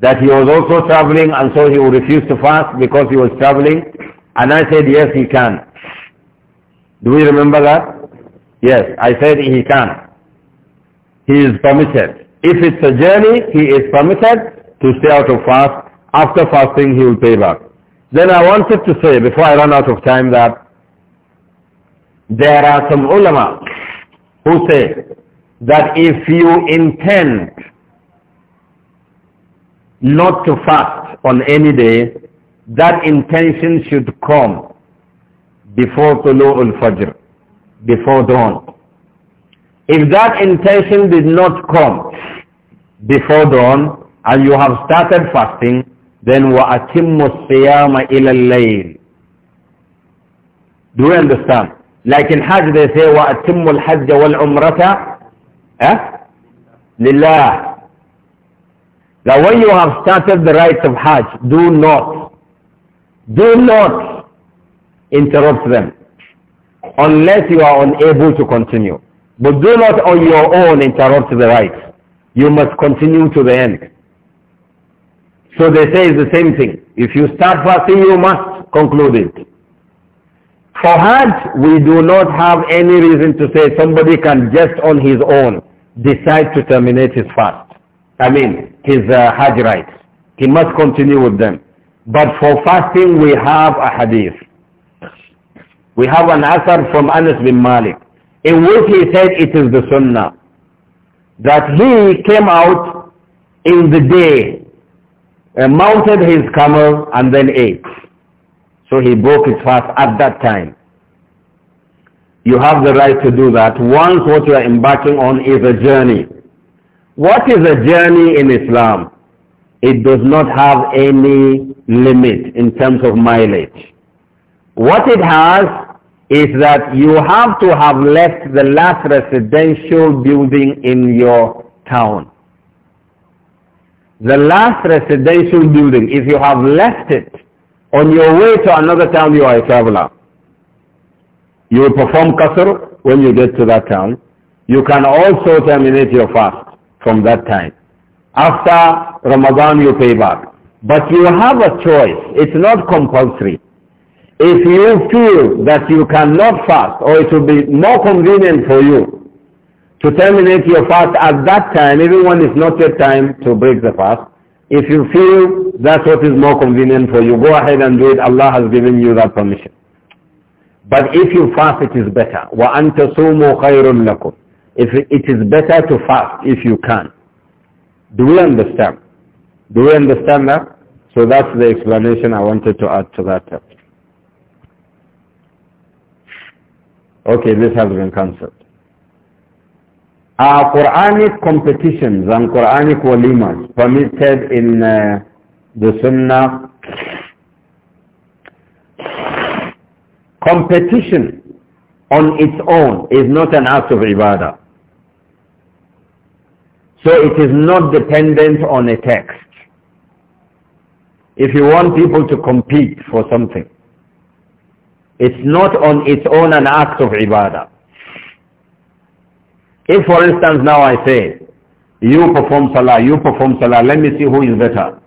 that he was also traveling and so he would refuse to fast because he was traveling? And I said, yes, he can. Do we remember that? Yes, I said he can. He is permitted. If it's a journey, he is permitted to stay out of fast. After fasting, he will pay back. Then I wanted to say, before I run out of time, that there are some ulama who say that if you intend not to fast on any day, that intention should come before Tulu'ul Fajr, before dawn. If that intention did not come before dawn and you have started fasting, then al-siyama ila al-layl. Do you understand? Like in Hajj they say وَأَتِمُّ الْحَجَّ وَالْعُمْرَةَ eh? Lillah. That when you have started the rites of Hajj, do not, do not interrupt them unless you are unable to continue. But do not on your own interrupt the rites. You must continue to the end. So they say it's the same thing. If you start fasting, you must conclude it. For Hajj, we do not have any reason to say somebody can just on his own decide to terminate his fast. I mean, his uh, Hajj rights. He must continue with them. But for fasting, we have a hadith. We have an asar from Anas bin Malik, in which he said it is the sunnah. That he came out in the day and mounted his camel and then ate. So he broke his fast at that time. You have the right to do that once what you are embarking on is a journey. What is a journey in Islam? It does not have any limit in terms of mileage. What it has is that you have to have left the last residential building in your town the last residential building, if you have left it on your way to another town, you are a traveler. You will perform qasr when you get to that town. You can also terminate your fast from that time. After Ramadan, you pay back. But you have a choice. It's not compulsory. If you feel that you cannot fast or it will be more convenient for you to terminate your fast at that time, even when it's not your time to break the fast. If you feel that's what is more convenient for you, go ahead and do it. Allah has given you that permission. But if you fast, it is better. وَأَن تَصُومُوا خَيْرٌ لَكُمْ if it is better to fast if you can. Do we understand? Do we understand that? So that's the explanation I wanted to add to that Okay, this has been cancelled. Are Quranic competitions and Quranic walimas permitted in uh, the Sunnah? Competition on its own is not an act of ibadah. So it is not dependent on a text. If you want people to compete for something, it's not on its own an act of ibadah. If for instance now I say, you perform salah, you perform salah, let me see who is better.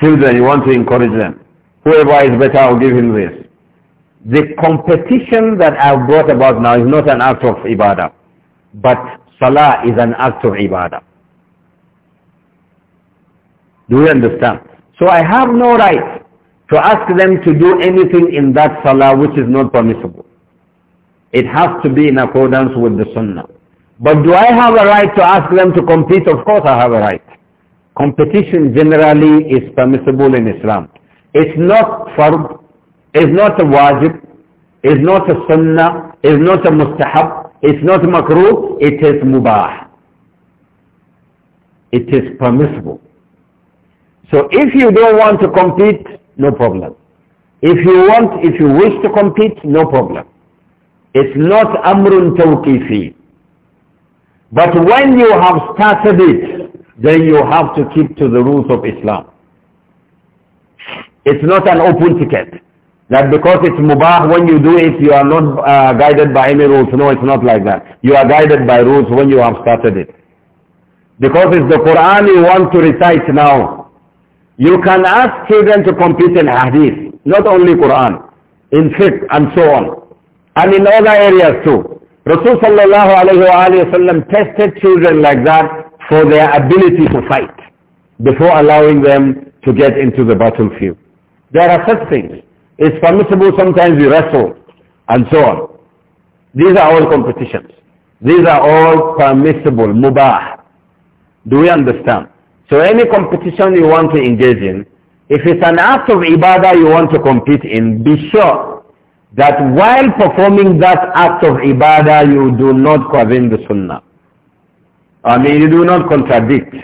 Children, you want to encourage them. Whoever is better, I'll give him this. The competition that I've brought about now is not an act of ibadah, but salah is an act of ibadah. Do you understand? So I have no right to ask them to do anything in that salah which is not permissible. It has to be in accordance with the sunnah. But do I have a right to ask them to compete? Of course I have a right. Competition generally is permissible in Islam. It's not fard, it's not a wajib, it's not a sunnah, it's not a mustahab, it's not makruh, it is mubah. It is permissible. So if you don't want to compete, no problem. If you want, if you wish to compete, no problem. It's not amrun tawqifi. But when you have started it, then you have to keep to the rules of Islam. It's not an open ticket. That because it's mubah, when you do it, you are not uh, guided by any rules. No, it's not like that. You are guided by rules when you have started it. Because it's the Quran you want to recite now. You can ask children to compete in hadith, not only Quran, in fiqh and so on and in other areas too. Rasul sallallahu alayhi wa tested children like that for their ability to fight before allowing them to get into the battlefield. There are such things. It's permissible sometimes you wrestle and so on. These are all competitions. These are all permissible, mubah. Do we understand? So any competition you want to engage in, if it's an act of ibadah you want to compete in, be sure that while performing that act of ibadah, you do not contravene the sunnah. I mean, you do not contradict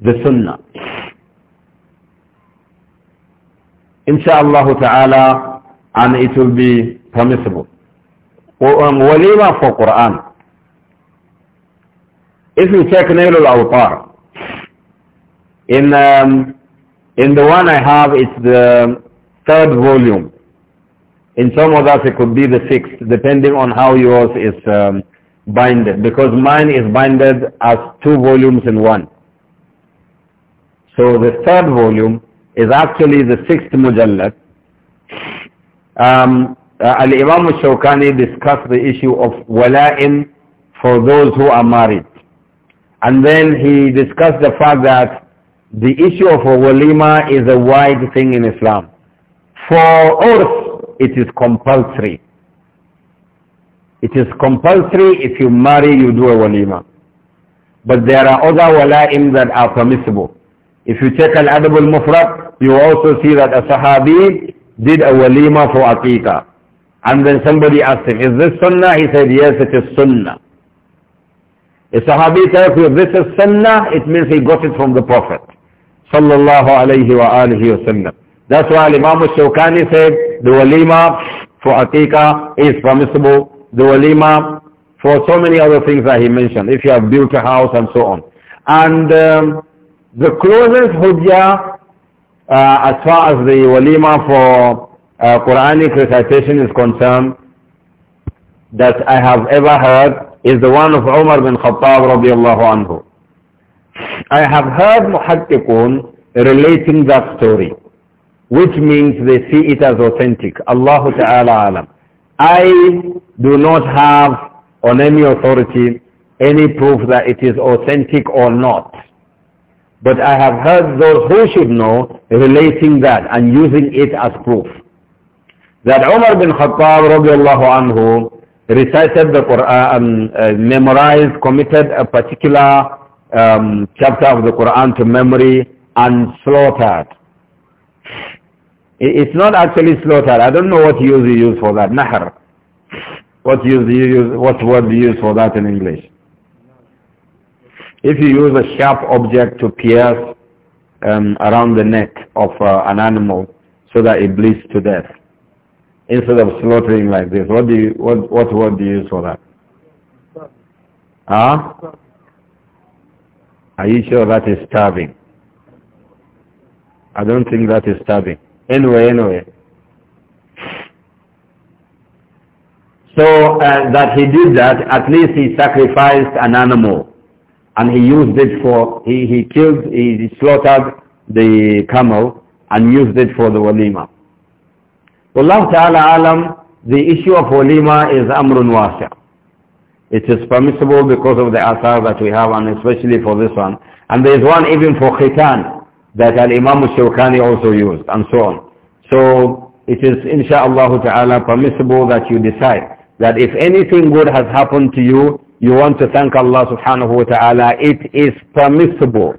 the sunnah. Insha'Allah ta'ala, and it will be permissible. Um, walima for Quran. If you check Nail al-Awtar, in, um, in the one I have, it's the third volume. In some others it could be the sixth, depending on how yours is um, binded, because mine is binded as two volumes in one. So the third volume is actually the sixth mujallad. Um, uh, Al-Imam al-Shawkani discussed the issue of wala'in for those who are married. And then he discussed the fact that the issue of a walima is a wide thing in Islam. For urf, it is compulsory. It is compulsory if you marry, you do a walima. But there are other walaim that are permissible. If you check Al-Adab al-Mufrad, you also see that a Sahabi did a walima for aqeeqa. And then somebody asked him, is this sunnah? He said, yes, it is sunnah. A Sahabi tells you, this is sunnah, it means he got it from the Prophet. Sallallahu alayhi wa alihi wa sallam. That's why Imam Shawkani said the walima for Aqiqah is permissible. The walima for so many other things that he mentioned, if you have built a house and so on. And um, the closest hujjah uh, as far as the walima for uh, Quranic recitation is concerned that I have ever heard is the one of Umar bin Khattab radiallahu anhu. I have heard muhaddiqun relating that story which means they see it as authentic. Allahu Ta'ala alam. I do not have on any authority any proof that it is authentic or not. But I have heard those who should know relating that and using it as proof. That Umar bin Khattab radiallahu anhu recited the Quran, uh, memorized, committed a particular um, chapter of the Quran to memory and slaughtered it's not actually slaughter. I don't know what use you use for that. Nahr. What use you use, what word you use for that in English? If you use a sharp object to pierce um, around the neck of uh, an animal so that it bleeds to death, instead of slaughtering like this, what do you, what, what word do you use for that? Huh? Are you sure that is starving? I don't think that is starving anyway, anyway. So uh, that he did that, at least he sacrificed an animal and he used it for, he, he killed, he slaughtered the camel and used it for the walima. Wallahu ta'ala alam, the issue of walima is amrun wasi'. It is permissible because of the asar that we have and especially for this one. And there is one even for khitan that Al-Imam al-Shawkani also used and so on. So it is insha'Allah ta'ala permissible that you decide that if anything good has happened to you, you want to thank Allah subhanahu wa ta'ala, it is permissible.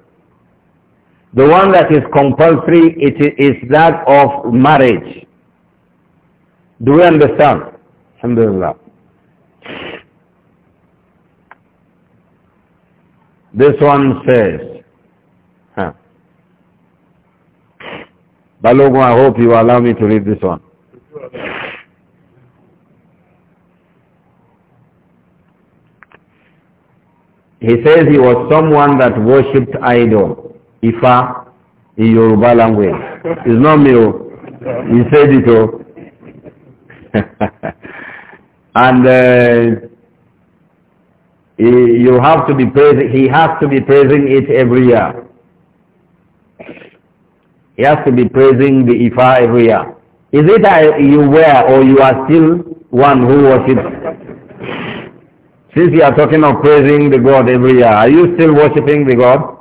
The one that is compulsory, it is that of marriage. Do we understand? Alhamdulillah. This one says, Balogun, I hope you allow me to read this one. He says he was someone that worshipped idol, Ifa, in Yoruba language. It's not me, oh. he said it oh. all. and uh, he, you have to be praising, he has to be praising it every year. He has to be praising the Ifa every year. Is it that you were or you are still one who worships? Since you are talking of praising the God every year, are you still worshipping the God?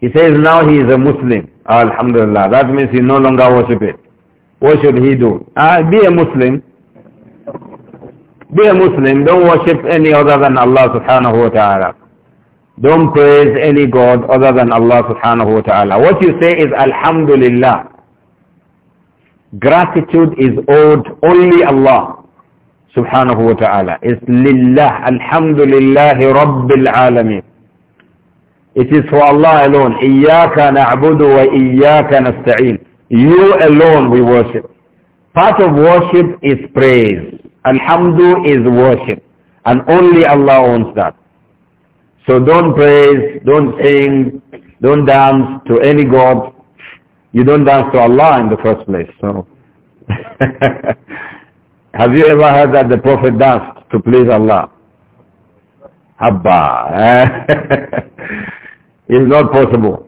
He says now he is a Muslim. Alhamdulillah. That means he no longer worship it. What should he do? Uh, be a Muslim. Be a Muslim. Don't worship any other than Allah subhanahu wa ta'ala. Don't praise any God other than Allah subhanahu wa ta'ala. What you say is Alhamdulillah. Gratitude is owed only Allah subhanahu wa ta'ala. It's Lillah. Alhamdulillahi Rabbil Alameen. It is for Allah alone. Iyaka na'budu wa iyaka nasta'een. You alone we worship. Part of worship is praise. Alhamdu is worship. And only Allah owns that. So don't praise, don't sing, don't dance to any god. You don't dance to Allah in the first place. So have you ever heard that the Prophet danced to please Allah? Habba. Eh? it's not possible.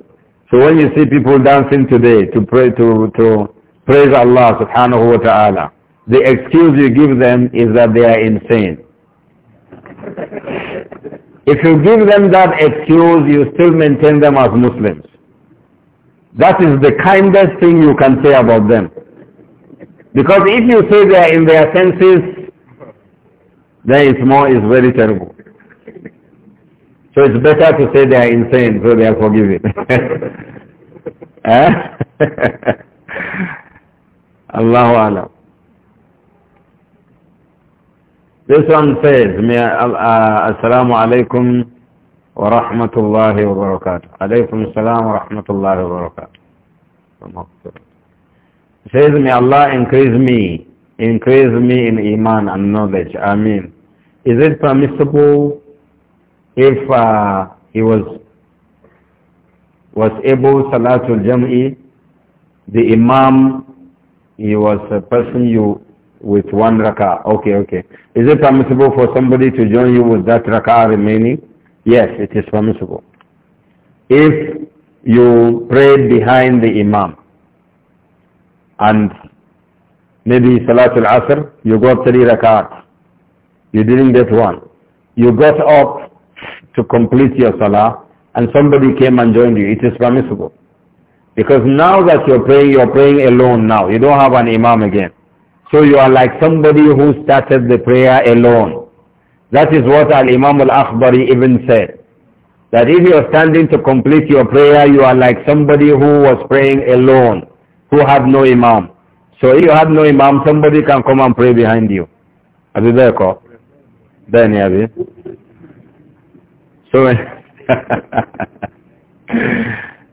So when you see people dancing today to pray to, to praise Allah subhanahu wa ta'ala, the excuse you give them is that they are insane. If you give them that excuse, you still maintain them as Muslims. That is the kindest thing you can say about them. Because if you say they are in their senses, then it's more, it's very terrible. So it's better to say they are insane, so they are forgiven. Eh? Allahu Alam. This one says, uh, uh, Assalamu alaikum wa rahmatullahi wa barakatuh. Alaykum assalam wa rahmatullahi wa barakatuh. It says, may Allah increase me, increase me in iman and knowledge. Ameen. Is it permissible if uh, he was was able Salatul Jam'i, the Imam, he was a person you with one rak'ah. Okay, okay. Is it permissible for somebody to join you with that rak'ah remaining? Yes, it is permissible. If you prayed behind the imam and maybe Salatul Asr, you got three rak'ahs. You didn't get one. You got up to complete your salah and somebody came and joined you. It is permissible. Because now that you're praying, you're praying alone now. You don't have an imam again. So you are like somebody who started the prayer alone. That is what Al-Imam Al-Akhbari even said. That if you are standing to complete your prayer, you are like somebody who was praying alone, who had no imam. So if you have no imam, somebody can come and pray behind you. Abi you there, Abi. So,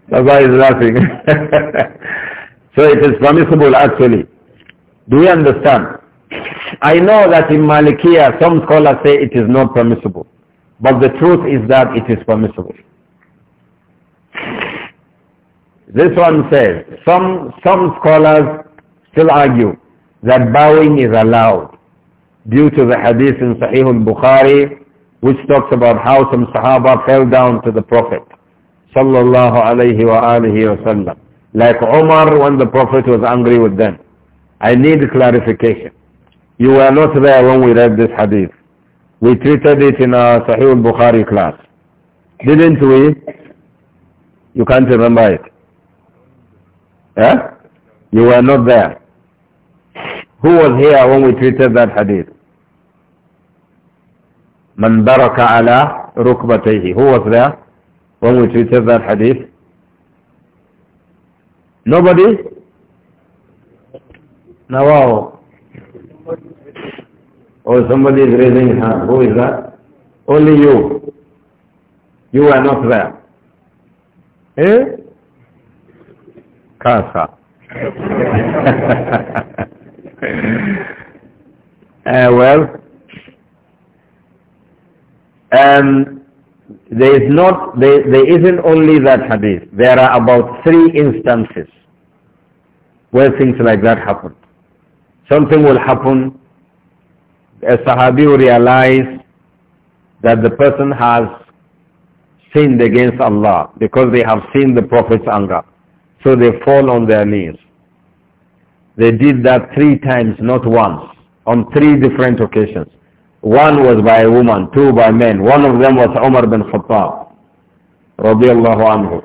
that's is laughing. so it is permissible actually. Do we understand? I know that in Malikiya some scholars say it is not permissible. But the truth is that it is permissible. This one says, some, some scholars still argue that bowing is allowed due to the hadith in Sahih al-Bukhari which talks about how some Sahaba fell down to the Prophet sallallahu alayhi wa alihi wa sallam. Like Umar when the Prophet was angry with them. I need clarification. You were not there when we read this hadith. We treated it in our Sahih al-Bukhari class. Didn't we? You can't remember it. Yeah? You were not there. Who was here when we treated that hadith? Man baraka ala rukbatayhi. Who was there when we treated that hadith? Nobody? Now, Or oh, somebody is raising his hand. Who is that? Only you. You are not there. Eh? Kasa. uh, well, um, there is not, there, there isn't only that hadith. There are about three instances where things like that happen something will happen, a Sahabi will realize that the person has sinned against Allah because they have seen the Prophet's anger. So they fall on their knees. They did that three times, not once, on three different occasions. One was by a woman, two by men. One of them was Umar bin Khattab, radiallahu anhu.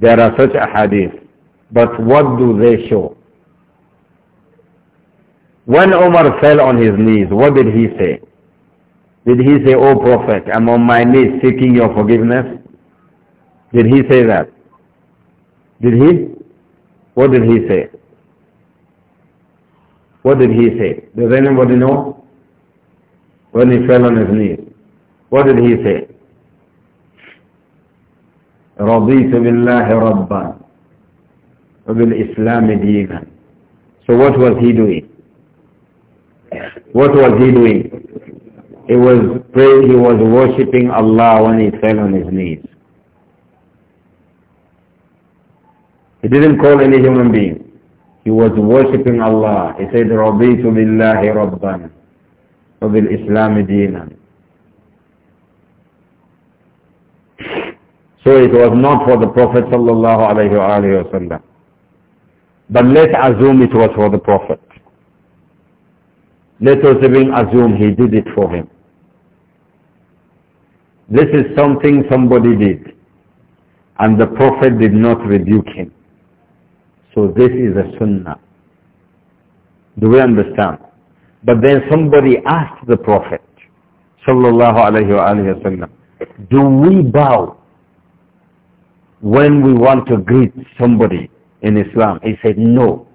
There are such a hadith. But what do they show? When Omar fell on his knees, what did he say? Did he say, O oh Prophet, I'm on my knees seeking your forgiveness? Did he say that? Did he? What did he say? What did he say? Does anybody know? When he fell on his knees. What did he say? رضيت بالله ربا وَبِالْإِسْلَامِ Deen. So what was he doing? What was he doing? He was praying, he was worshipping Allah when he fell on his knees. He didn't call any human being. He was worshipping Allah. He said, رَضِيتُ بِاللَّهِ رَبًّا وَبِالْإِسْلَامِ دِينًا So it was not for the Prophet sallallahu alayhi wasallam. But let's assume it was for the Prophet. Let us even assume he did it for him. This is something somebody did. And the Prophet did not rebuke him. So this is a sunnah. Do we understand? But then somebody asked the Prophet, sallallahu alaihi wasallam, do we bow when we want to greet somebody in Islam? He said, no.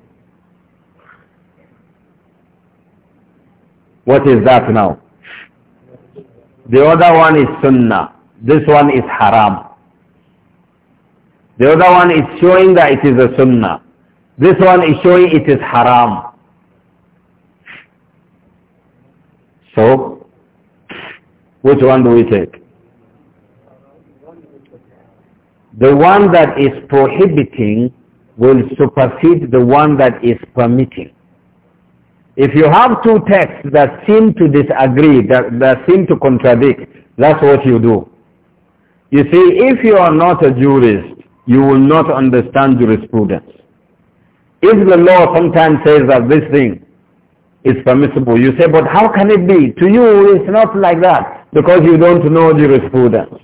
What is that now? The other one is sunnah. This one is haram. The other one is showing that it is a sunnah. This one is showing it is haram. So, which one do we take? The one that is prohibiting will supersede the one that is permitting. If you have two texts that seem to disagree, that, that seem to contradict, that's what you do. You see, if you are not a jurist, you will not understand jurisprudence. If the law sometimes says that this thing is permissible, you say, but how can it be? To you, it's not like that, because you don't know jurisprudence.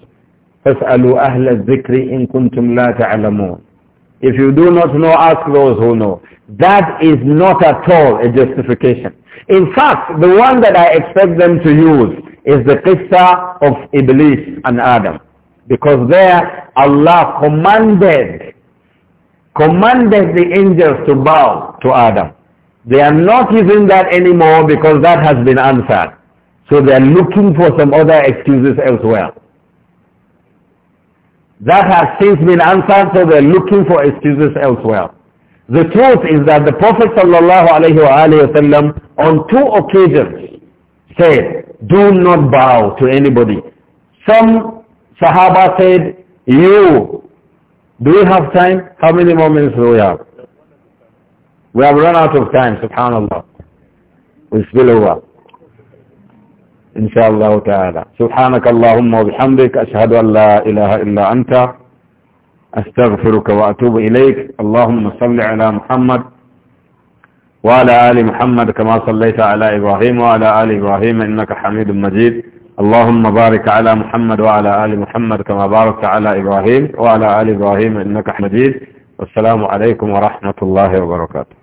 فَاسْأَلُوا أَهْلَ الذِّكْرِ إِن كُنْتُمْ لَا تَعْلَمُونَ if you do not know, ask those who know. That is not at all a justification. In fact, the one that I expect them to use is the qissa of Iblis and Adam. Because there Allah commanded, commanded the angels to bow to Adam. They are not using that anymore because that has been answered. So they are looking for some other excuses elsewhere. That has since been answered, so they're looking for excuses elsewhere. The truth is that the Prophet wasallam on two occasions said, do not bow to anybody. Some Sahaba said, you, do we have time? How many more minutes do we have? We have run out of time, subhanAllah. We spill over. إن شاء الله تعالى سبحانك اللهم وبحمدك أشهد أن لا إله إلا أنت أستغفرك وأتوب إليك اللهم صل على محمد وعلى آل محمد كما صليت على إبراهيم وعلى آل إبراهيم إنك حميد مجيد اللهم بارك على محمد وعلى آل محمد كما باركت على إبراهيم وعلى آل إبراهيم إنك حميد مجيد والسلام عليكم ورحمة الله وبركاته